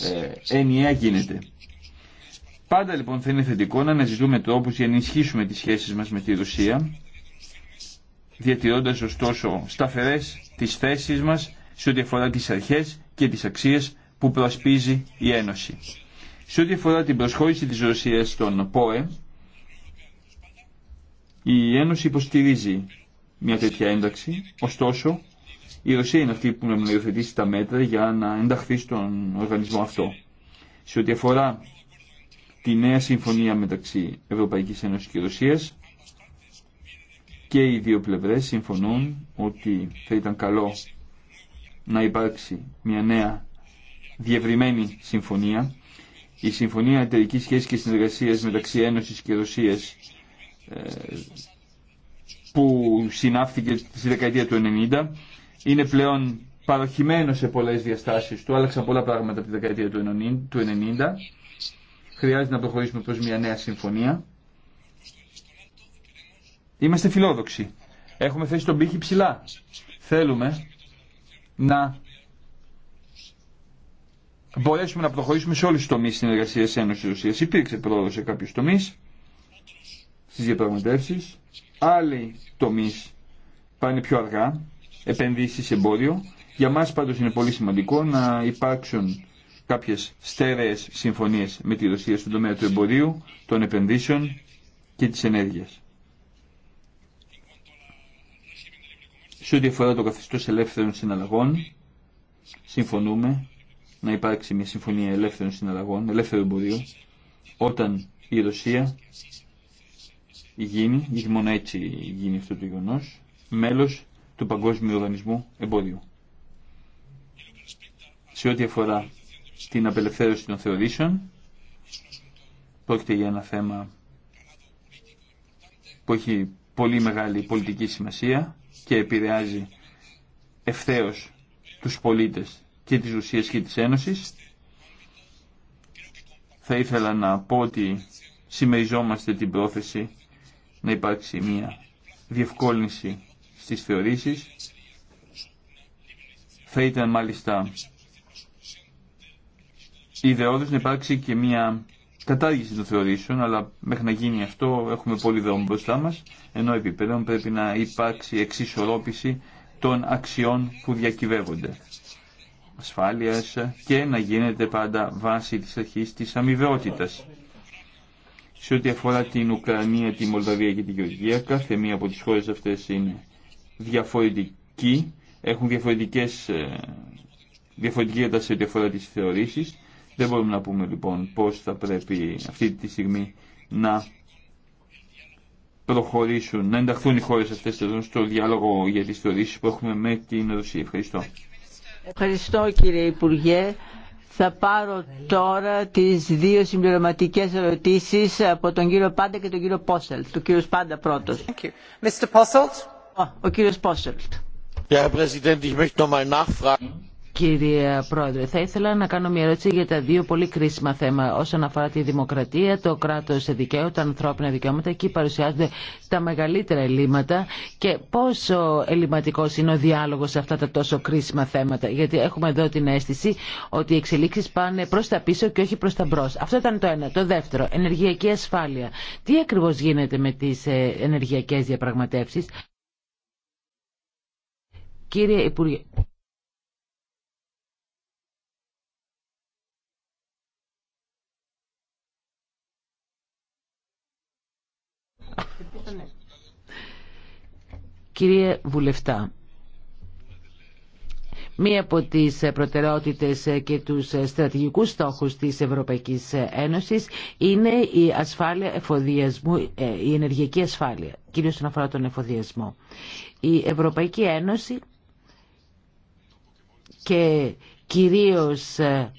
ε, ενιαία γίνεται. Πάντα λοιπόν θα είναι θετικό να αναζητούμε τρόπους για να ενισχύσουμε τις σχέσεις μας με τη Ρωσία διατηρώντας ωστόσο σταθερές τις θέσεις μας σε ό,τι αφορά τις αρχές και τις αξίες που προασπίζει η Ένωση. Σε ό,τι αφορά την προσχώρηση της Ρωσίας στον ΠΟΕ, η Ένωση υποστηρίζει μια τέτοια ένταξη, ωστόσο η Ρωσία είναι αυτή που να τα μέτρα για να ενταχθεί στον οργανισμό αυτό. Σε ό,τι αφορά τη νέα συμφωνία μεταξύ Ευρωπαϊκής Ένωσης και Ρωσίας, και οι δύο πλευρές συμφωνούν ότι θα ήταν καλό να υπάρξει μια νέα διευρυμένη συμφωνία. Η Συμφωνία Εταιρική Σχέση και Συνεργασία μεταξύ Ένωση και Ρωσία ε, που συνάφθηκε στη δεκαετία του 90 είναι πλέον παροχημένο σε πολλέ διαστάσεις του. Άλλαξαν πολλά πράγματα από τη δεκαετία του 90. Χρειάζεται να προχωρήσουμε προ μια νέα συμφωνία Είμαστε φιλόδοξοι. Έχουμε θέσει τον πύχη ψηλά. Θέλουμε να μπορέσουμε να προχωρήσουμε σε όλου του τομεί συνεργασία Ένωση Ρωσία. Υπήρξε πρόοδο σε κάποιου τομεί στι διαπραγματεύσει. Άλλοι τομεί πάνε πιο αργά. Επενδύσει σε εμπόριο. Για μας πάντω είναι πολύ σημαντικό να υπάρξουν κάποιε στέρεε συμφωνίε με τη Ρωσία στον τομέα του εμπορίου, των επενδύσεων και τη ενέργεια. Σε ό,τι αφορά το καθεστώς ελεύθερων συναλλαγών, συμφωνούμε να υπάρξει μια συμφωνία ελεύθερων συναλλαγών, ελεύθερου εμπορίου, όταν η Ρωσία γίνει, γιατί μόνο έτσι γίνει αυτό το γεγονό, μέλος του Παγκόσμιου Οργανισμού Εμπόριου. Σε ό,τι αφορά την απελευθέρωση των θεωρήσεων, πρόκειται για ένα θέμα που έχει πολύ μεγάλη πολιτική σημασία και επηρεάζει ευθέως τους πολίτες και τις ουσίες και της Ένωσης. Θα ήθελα να πω ότι συμμεριζόμαστε την πρόθεση να υπάρξει μια διευκόλυνση στις θεωρήσεις. Θα ήταν μάλιστα ιδεώδης να υπάρξει και μια κατάργηση των θεωρήσεων, αλλά μέχρι να γίνει αυτό έχουμε πολύ δρόμο μπροστά μας, ενώ επιπλέον πρέπει να υπάρξει εξισορρόπηση των αξιών που διακυβεύονται ασφάλειας και να γίνεται πάντα βάση της αρχής της αμοιβαιότητας. Σε ό,τι αφορά την Ουκρανία, τη Μολδαβία και τη Γεωργία, κάθε μία από τις χώρες αυτές είναι διαφορετική, έχουν ε, διαφορετική ένταση σε ό,τι αφορά τις θεωρήσεις δεν μπορούμε να πούμε λοιπόν πώς θα πρέπει αυτή τη στιγμή να προχωρήσουν, να ενταχθούν οι χώρες αυτές εδώ στο διάλογο για τις θεωρήσεις που έχουμε με την Ρωσία. Ευχαριστώ. Ευχαριστώ κύριε Υπουργέ. Θα πάρω τώρα τις δύο συμπληρωματικές ερωτήσεις από τον κύριο Πάντα και τον κύριο Πόσελτ. Του κύριο Πάντα πρώτος. Ο, κύριος Πόσελτ. Κύριε Πρόεδρε, θα ήθελα να κάνω μια ερώτηση για τα δύο πολύ κρίσιμα θέματα όσον αφορά τη δημοκρατία, το κράτο δικαίου, τα ανθρώπινα δικαιώματα. Εκεί παρουσιάζονται τα μεγαλύτερα ελλείμματα και πόσο ελληματικό είναι ο διάλογο σε αυτά τα τόσο κρίσιμα θέματα. Γιατί έχουμε εδώ την αίσθηση ότι οι εξελίξει πάνε προ τα πίσω και όχι προ τα μπρο. Αυτό ήταν το ένα. Το δεύτερο, ενεργειακή ασφάλεια. Τι ακριβώ γίνεται με τι ε, ενεργειακέ διαπραγματεύσει. Κύριε Υπουργέ. Κύριε Βουλευτά, μία από τις προτεραιότητες και τους στρατηγικούς στόχους της Ευρωπαϊκής Ένωσης είναι η ασφάλεια εφοδιασμού, ε, η ενεργειακή ασφάλεια, κυρίως όσον αφορά τον εφοδιασμό. Η Ευρωπαϊκή Ένωση και κυρίως ε,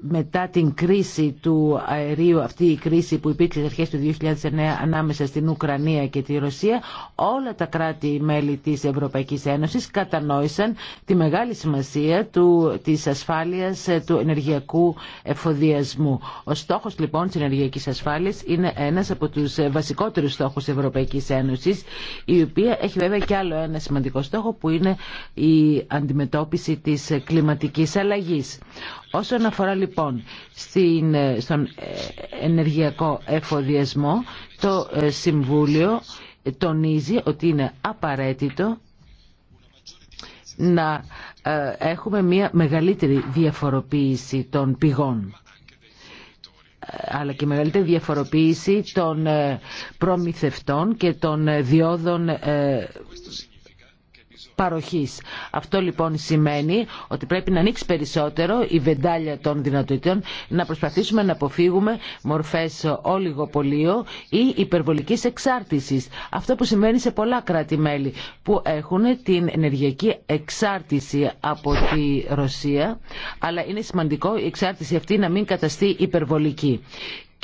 μετά την κρίση του αερίου, αυτή η κρίση που υπήρξε στις αρχές του 2009 ανάμεσα στην Ουκρανία και τη Ρωσία, όλα τα κράτη-μέλη της Ευρωπαϊκής Ένωσης κατανόησαν τη μεγάλη σημασία του, της ασφάλειας ε, του ενεργειακού εφοδιασμού. Ο στόχος λοιπόν της ενεργειακής ασφάλειας είναι ένας από τους ε, βασικότερους στόχους της Ευρωπαϊκής Ένωσης, η οποία έχει βέβαια και άλλο ένα σημαντικό στόχο που είναι η αντιμετώπιση της κλιματικής αλλαγής. Όσον αφορά λοιπόν στην, ε, στον ε, ενεργειακό εφοδιασμό, το ε, Συμβούλιο τονίζει ότι είναι απαραίτητο να έχουμε μια μεγαλύτερη διαφοροποίηση των πηγών αλλά και μεγαλύτερη διαφοροποίηση των προμηθευτών και των διόδων παροχής. Αυτό λοιπόν σημαίνει ότι πρέπει να ανοίξει περισσότερο η βεντάλια των δυνατοτήτων, να προσπαθήσουμε να αποφύγουμε μορφές ολιγοπολείο ή υπερβολικής εξάρτησης. Αυτό που σημαίνει σε πολλά κράτη-μέλη που έχουν την ενεργειακή εξάρτηση από τη Ρωσία, αλλά είναι σημαντικό η εξάρτηση αυτή να μην καταστεί υπερβολική.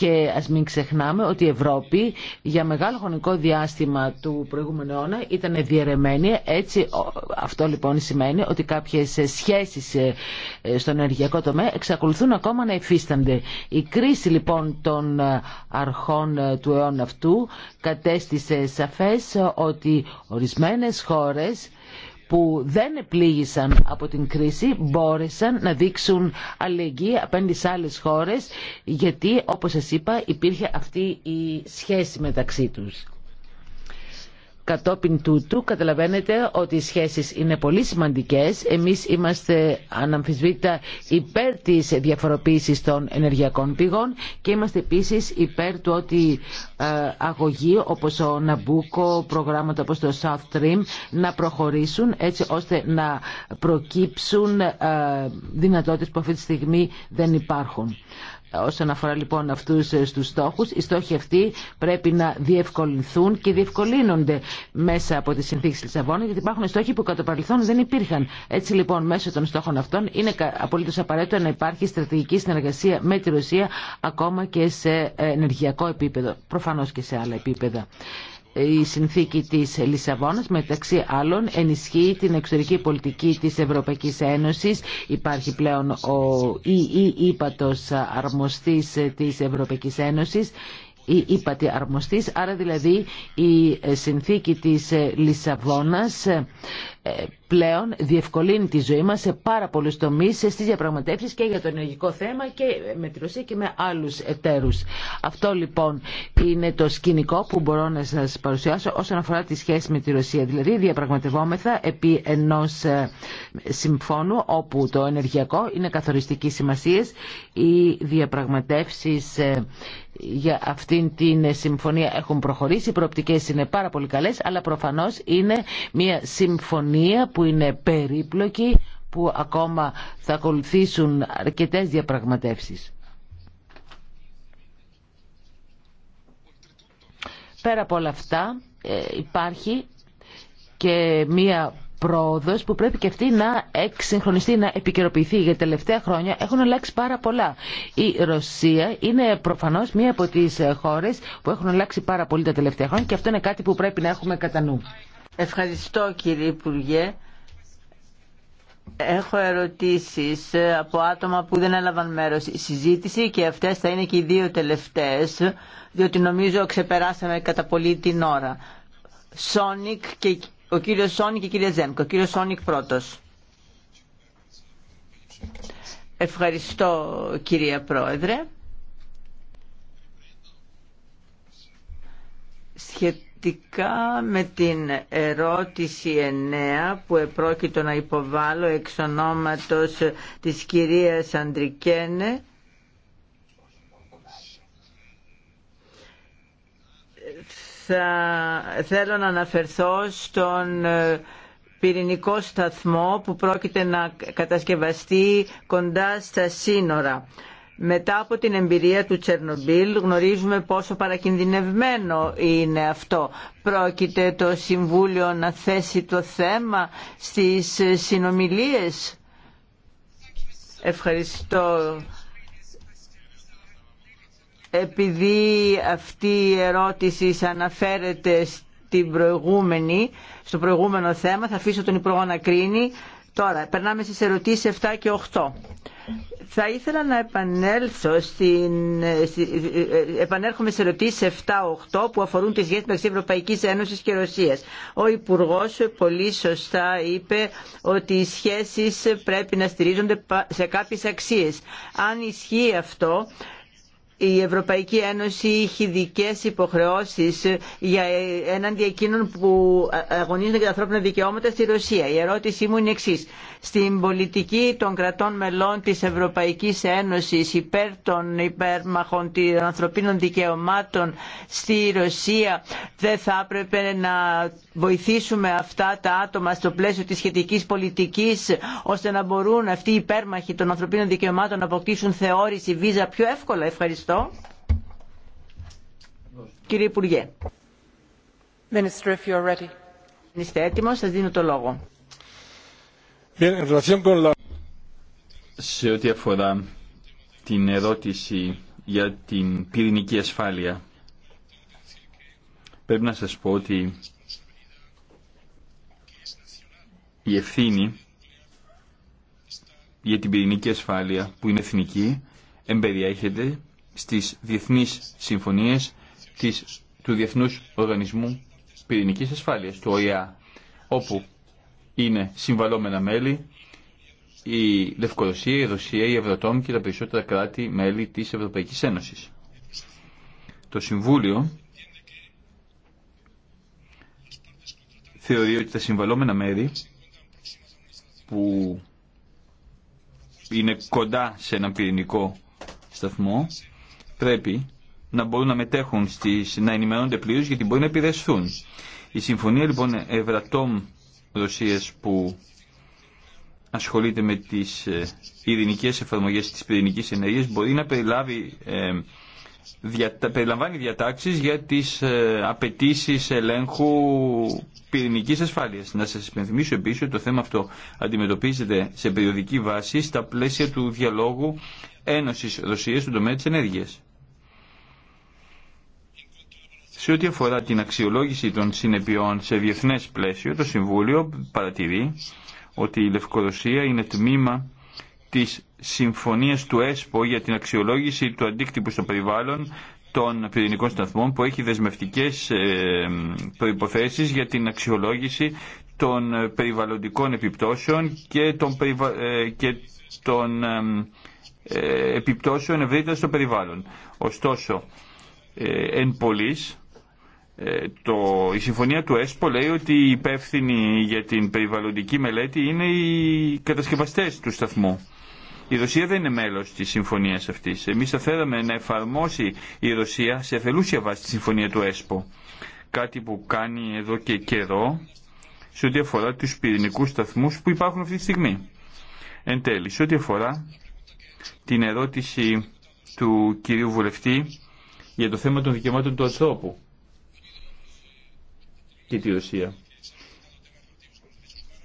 Και ας μην ξεχνάμε ότι η Ευρώπη για μεγάλο χρονικό διάστημα του προηγούμενου αιώνα ήταν διαιρεμένη. Έτσι, αυτό λοιπόν σημαίνει ότι κάποιες σχέσεις ε, ε, στον ενεργειακό τομέα εξακολουθούν ακόμα να υφίστανται. Η κρίση λοιπόν των ε, αρχών του αιώνα αυτού κατέστησε σαφές ότι ορισμένες χώρες που δεν επλήγησαν από την κρίση μπόρεσαν να δείξουν αλληλεγγύη απέναντι σε άλλες χώρες γιατί όπως σας είπα υπήρχε αυτή η σχέση μεταξύ τους. Κατόπιν τούτου καταλαβαίνετε ότι οι σχέσεις είναι πολύ σημαντικές. Εμείς είμαστε αναμφισβήτητα υπέρ της διαφοροποίησης των ενεργειακών πηγών και είμαστε επίσης υπέρ του ότι ε, αγωγοί όπως ο Ναμπούκο, προγράμματα όπως το South Stream να προχωρήσουν έτσι ώστε να προκύψουν ε, δυνατότητες που αυτή τη στιγμή δεν υπάρχουν. Όσον αφορά λοιπόν αυτούς ε, τους στόχους, οι στόχοι αυτοί πρέπει να διευκολυνθούν και διευκολύνονται μέσα από τις συνθήκες Λισαβόνα, γιατί υπάρχουν στόχοι που κατά παρελθόν δεν υπήρχαν. Έτσι λοιπόν μέσω των στόχων αυτών είναι απολύτως απαραίτητο να υπάρχει στρατηγική συνεργασία με τη Ρωσία ακόμα και σε ε, ενεργειακό επίπεδο, προφανώς και σε άλλα επίπεδα η συνθήκη της Λισαβόνας μεταξύ άλλων ενισχύει την εξωτερική πολιτική της Ευρωπαϊκής Ένωσης υπάρχει πλέον ο ή, αρμοστής της Ευρωπαϊκής Ένωσης η ύπατη αρμοστής, άρα δηλαδή η ε, συνθήκη της ε, Λισαβόνας ε, πλέον διευκολύνει τη ζωή μας σε πάρα πολλούς τομείς στις διαπραγματεύσεις και για το ενεργικό θέμα και με τη Ρωσία και με άλλους εταίρους. Αυτό λοιπόν είναι το σκηνικό που μπορώ να σας παρουσιάσω όσον αφορά τη σχέση με τη Ρωσία. Δηλαδή διαπραγματευόμεθα επί ενός συμφώνου όπου το ενεργειακό είναι καθοριστική σημασία. Οι διαπραγματεύσεις για αυτήν την συμφωνία έχουν προχωρήσει. Οι προοπτικές είναι πάρα πολύ καλές, αλλά προφανώς είναι μια συμφωνία που είναι περίπλοκη, που ακόμα θα ακολουθήσουν αρκετές διαπραγματεύσεις. Πέρα από όλα αυτά ε, υπάρχει και μία πρόοδο που πρέπει και αυτή να εξυγχρονιστεί, να επικαιροποιηθεί. για τελευταία χρόνια έχουν αλλάξει πάρα πολλά. Η Ρωσία είναι προφανώ μία από τι χώρε που έχουν αλλάξει πάρα πολύ τα τελευταία χρόνια και αυτό είναι κάτι που πρέπει να έχουμε κατά νου. Ευχαριστώ κύριε Υπουργέ. Έχω ερωτήσεις από άτομα που δεν έλαβαν μέρος στη συζήτηση και αυτές θα είναι και οι δύο τελευταίες, διότι νομίζω ξεπεράσαμε κατά πολύ την ώρα. Σόνικ και ο κύριος Σόνικ και η κυρία Ζέμκο. Ο κύριος Σόνικ πρώτος. Ευχαριστώ κυρία Πρόεδρε. Σχετικά με την ερώτηση 9 που επρόκειτο να υποβάλω εξ ονόματος της κυρίας Αντρικένε θα θέλω να αναφερθώ στον ε, πυρηνικό σταθμό που πρόκειται να κατασκευαστεί κοντά στα σύνορα. Μετά από την εμπειρία του Τσερνομπίλ γνωρίζουμε πόσο παρακινδυνευμένο είναι αυτό. Πρόκειται το Συμβούλιο να θέσει το θέμα στις συνομιλίες. Ευχαριστώ επειδή αυτή η ερώτηση αναφέρεται στην προηγούμενη, στο προηγούμενο θέμα, θα αφήσω τον Υπουργό να κρίνει. Τώρα, περνάμε στις ερωτήσεις 7 και 8. Θα ήθελα να επανέλθω στην... Ε, επανέρχομαι σε ερωτήσεις 7-8 που αφορούν τις σχέσεις μεταξύ Ευρωπαϊκής Ένωσης και Ρωσίας. Ο Υπουργός πολύ σωστά είπε ότι οι σχέσεις πρέπει να στηρίζονται σε κάποιες αξίες. Αν ισχύει αυτό, η Ευρωπαϊκή Ένωση έχει δικέ υποχρεώσει για έναντι εκείνων που αγωνίζονται για τα ανθρώπινα δικαιώματα στη Ρωσία. Η ερώτησή μου είναι εξή. Στην πολιτική των κρατών μελών τη Ευρωπαϊκή Ένωση, υπέρ των υπέρμαχων των ανθρωπίνων δικαιωμάτων στη Ρωσία δεν θα έπρεπε να βοηθήσουμε αυτά τα άτομα στο πλαίσιο τη σχετική πολιτική, ώστε να μπορούν αυτοί οι υπέρμαχοι των ανθρωπίνων δικαιωμάτων να αποκτήσουν θεώρηση βίζα πιο εύκολα. Ευχαριστώ. Ευχαριστώ. Κύριε Υπουργέ. Minister, if you are ready. Είστε έτοιμος, σας δίνω το λόγο. Σε ό,τι αφορά την ερώτηση για την πυρηνική ασφάλεια, πρέπει να σας πω ότι η ευθύνη για την πυρηνική ασφάλεια που είναι εθνική εμπεριέχεται στις διεθνείς συμφωνίες του Διεθνούς Οργανισμού Πυρηνικής Ασφάλειας, του ΟΗΑ, όπου είναι συμβαλόμενα μέλη η Λευκορωσία, η Ρωσία, η ευρωτόμη και τα περισσότερα κράτη-μέλη της Ευρωπαϊκής Ένωσης. Το Συμβούλιο θεωρεί ότι τα συμβαλόμενα μέρη που είναι κοντά σε έναν πυρηνικό σταθμό πρέπει να μπορούν να μετέχουν, στις, να ενημερώνονται πλήρως γιατί μπορεί να επηρεαστούν. Η συμφωνία λοιπόν Ευρατόμ Ρωσίας που ασχολείται με τις ε, ειρηνικές εφαρμογές της πυρηνικής ενέργειας μπορεί να περιλάβει, ε, περιλαμβάνει διατάξεις για τις ε, απαιτήσει ελέγχου πυρηνικής ασφάλειας. Να σας υπενθυμίσω επίση ότι το θέμα αυτό αντιμετωπίζεται σε περιοδική βάση στα πλαίσια του διαλόγου Ένωσης Ρωσίας στον τομέα της ενέργειας. Σε ό,τι αφορά την αξιολόγηση των συνεπειών σε διεθνέ πλαίσιο, το Συμβούλιο παρατηρεί ότι η Λευκορωσία είναι τμήμα της συμφωνίας του ΕΣΠΟ για την αξιολόγηση του αντίκτυπου στο περιβάλλον των πυρηνικών σταθμών που έχει δεσμευτικές ε, προϋποθέσεις για την αξιολόγηση των περιβαλλοντικών επιπτώσεων και των, ε, ε, επιπτώσεων ευρύτερα στο περιβάλλον. Ωστόσο, εν πολλής, ε, το, η συμφωνία του ΕΣΠΟ λέει ότι οι υπεύθυνοι για την περιβαλλοντική μελέτη είναι οι κατασκευαστές του σταθμού. Η Ρωσία δεν είναι μέλος της συμφωνίας αυτής. Εμείς θα θέλαμε να εφαρμόσει η Ρωσία σε θελούσια βάση τη συμφωνία του ΕΣΠΟ. Κάτι που κάνει εδώ και καιρό σε ό,τι αφορά τους πυρηνικούς σταθμούς που υπάρχουν αυτή τη στιγμή. Εν τέλει, σε ό,τι αφορά την ερώτηση του κυρίου βουλευτή για το θέμα των δικαιωμάτων του ανθρώπου και τη Ρωσία.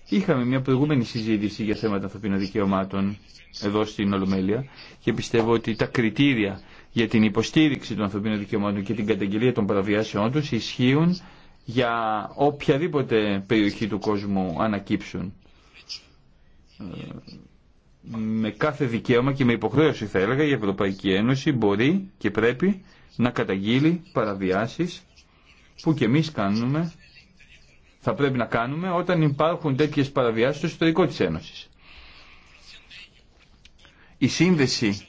Είχαμε μια προηγούμενη συζήτηση για θέματα ανθρωπίνων δικαιωμάτων εδώ στην Ολομέλεια και πιστεύω ότι τα κριτήρια για την υποστήριξη των ανθρωπίνων δικαιωμάτων και την καταγγελία των παραβιάσεών τους ισχύουν για οποιαδήποτε περιοχή του κόσμου ανακύψουν. Ε, με κάθε δικαίωμα και με υποχρέωση θα έλεγα η Ευρωπαϊκή Ένωση μπορεί και πρέπει να καταγγείλει παραβιάσεις που και εμείς κάνουμε θα πρέπει να κάνουμε όταν υπάρχουν τέτοιε παραβιάσεις στο ιστορικό τη Ένωση. Η σύνδεση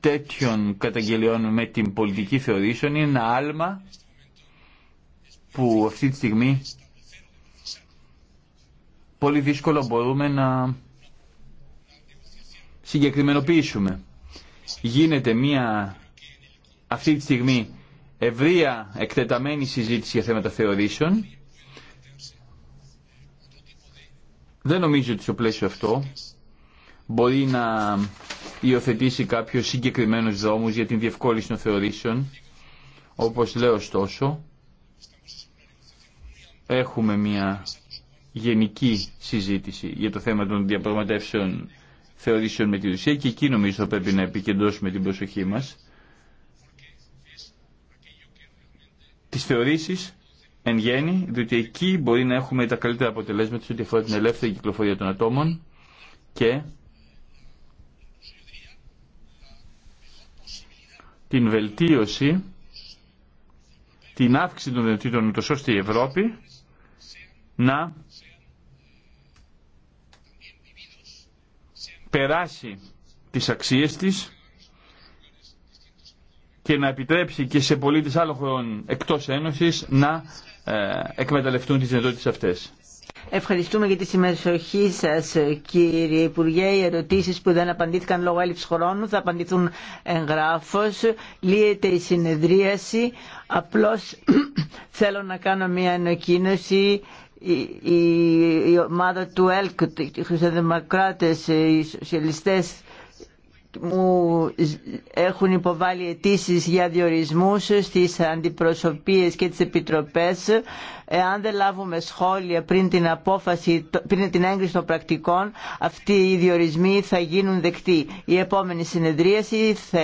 τέτοιων καταγγελιών με την πολιτική θεωρήσεων είναι ένα άλμα που αυτή τη στιγμή πολύ δύσκολο μπορούμε να συγκεκριμενοποιήσουμε. Γίνεται μία αυτή τη στιγμή ευρεία εκτεταμένη συζήτηση για θέματα θεωρήσεων Δεν νομίζω ότι στο πλαίσιο αυτό μπορεί να υιοθετήσει κάποιο συγκεκριμένους δρόμους για την διευκόλυνση των θεωρήσεων. Όπως λέω ωστόσο, έχουμε μια γενική συζήτηση για το θέμα των διαπραγματεύσεων θεωρήσεων με τη Ρωσία και εκεί νομίζω πρέπει να επικεντρώσουμε την προσοχή μας. Τις θεωρήσεις εν γέννη, διότι εκεί μπορεί να έχουμε τα καλύτερα αποτελέσματα σε ό,τι αφορά την ελεύθερη κυκλοφορία των ατόμων και την βελτίωση, την αύξηση των δυνατήτων, ούτως ώστε η Ευρώπη να περάσει τις αξίες της και να επιτρέψει και σε πολίτες άλλων χωρών εκτός Ένωσης να ε, εκμεταλλευτούν τις δυνατότητες αυτές. Ευχαριστούμε για τη συμμετοχή σα, κύριε Υπουργέ. Οι ερωτήσει που δεν απαντήθηκαν λόγω έλλειψης χρόνου θα απαντηθούν εγγράφως. Λύεται η συνεδρίαση. Απλώς θέλω να κάνω μια ανακοίνωση. Η, η, ομάδα του ΕΛΚ, οι χριστιανοδημοκράτε, οι σοσιαλιστέ μου έχουν υποβάλει αιτήσει για διορισμούς στις αντιπροσωπείες και τις επιτροπές εάν δεν λάβουμε σχόλια πριν την, απόφαση, πριν την έγκριση των πρακτικών αυτοί οι διορισμοί θα γίνουν δεκτοί η επόμενη συνεδρίαση θα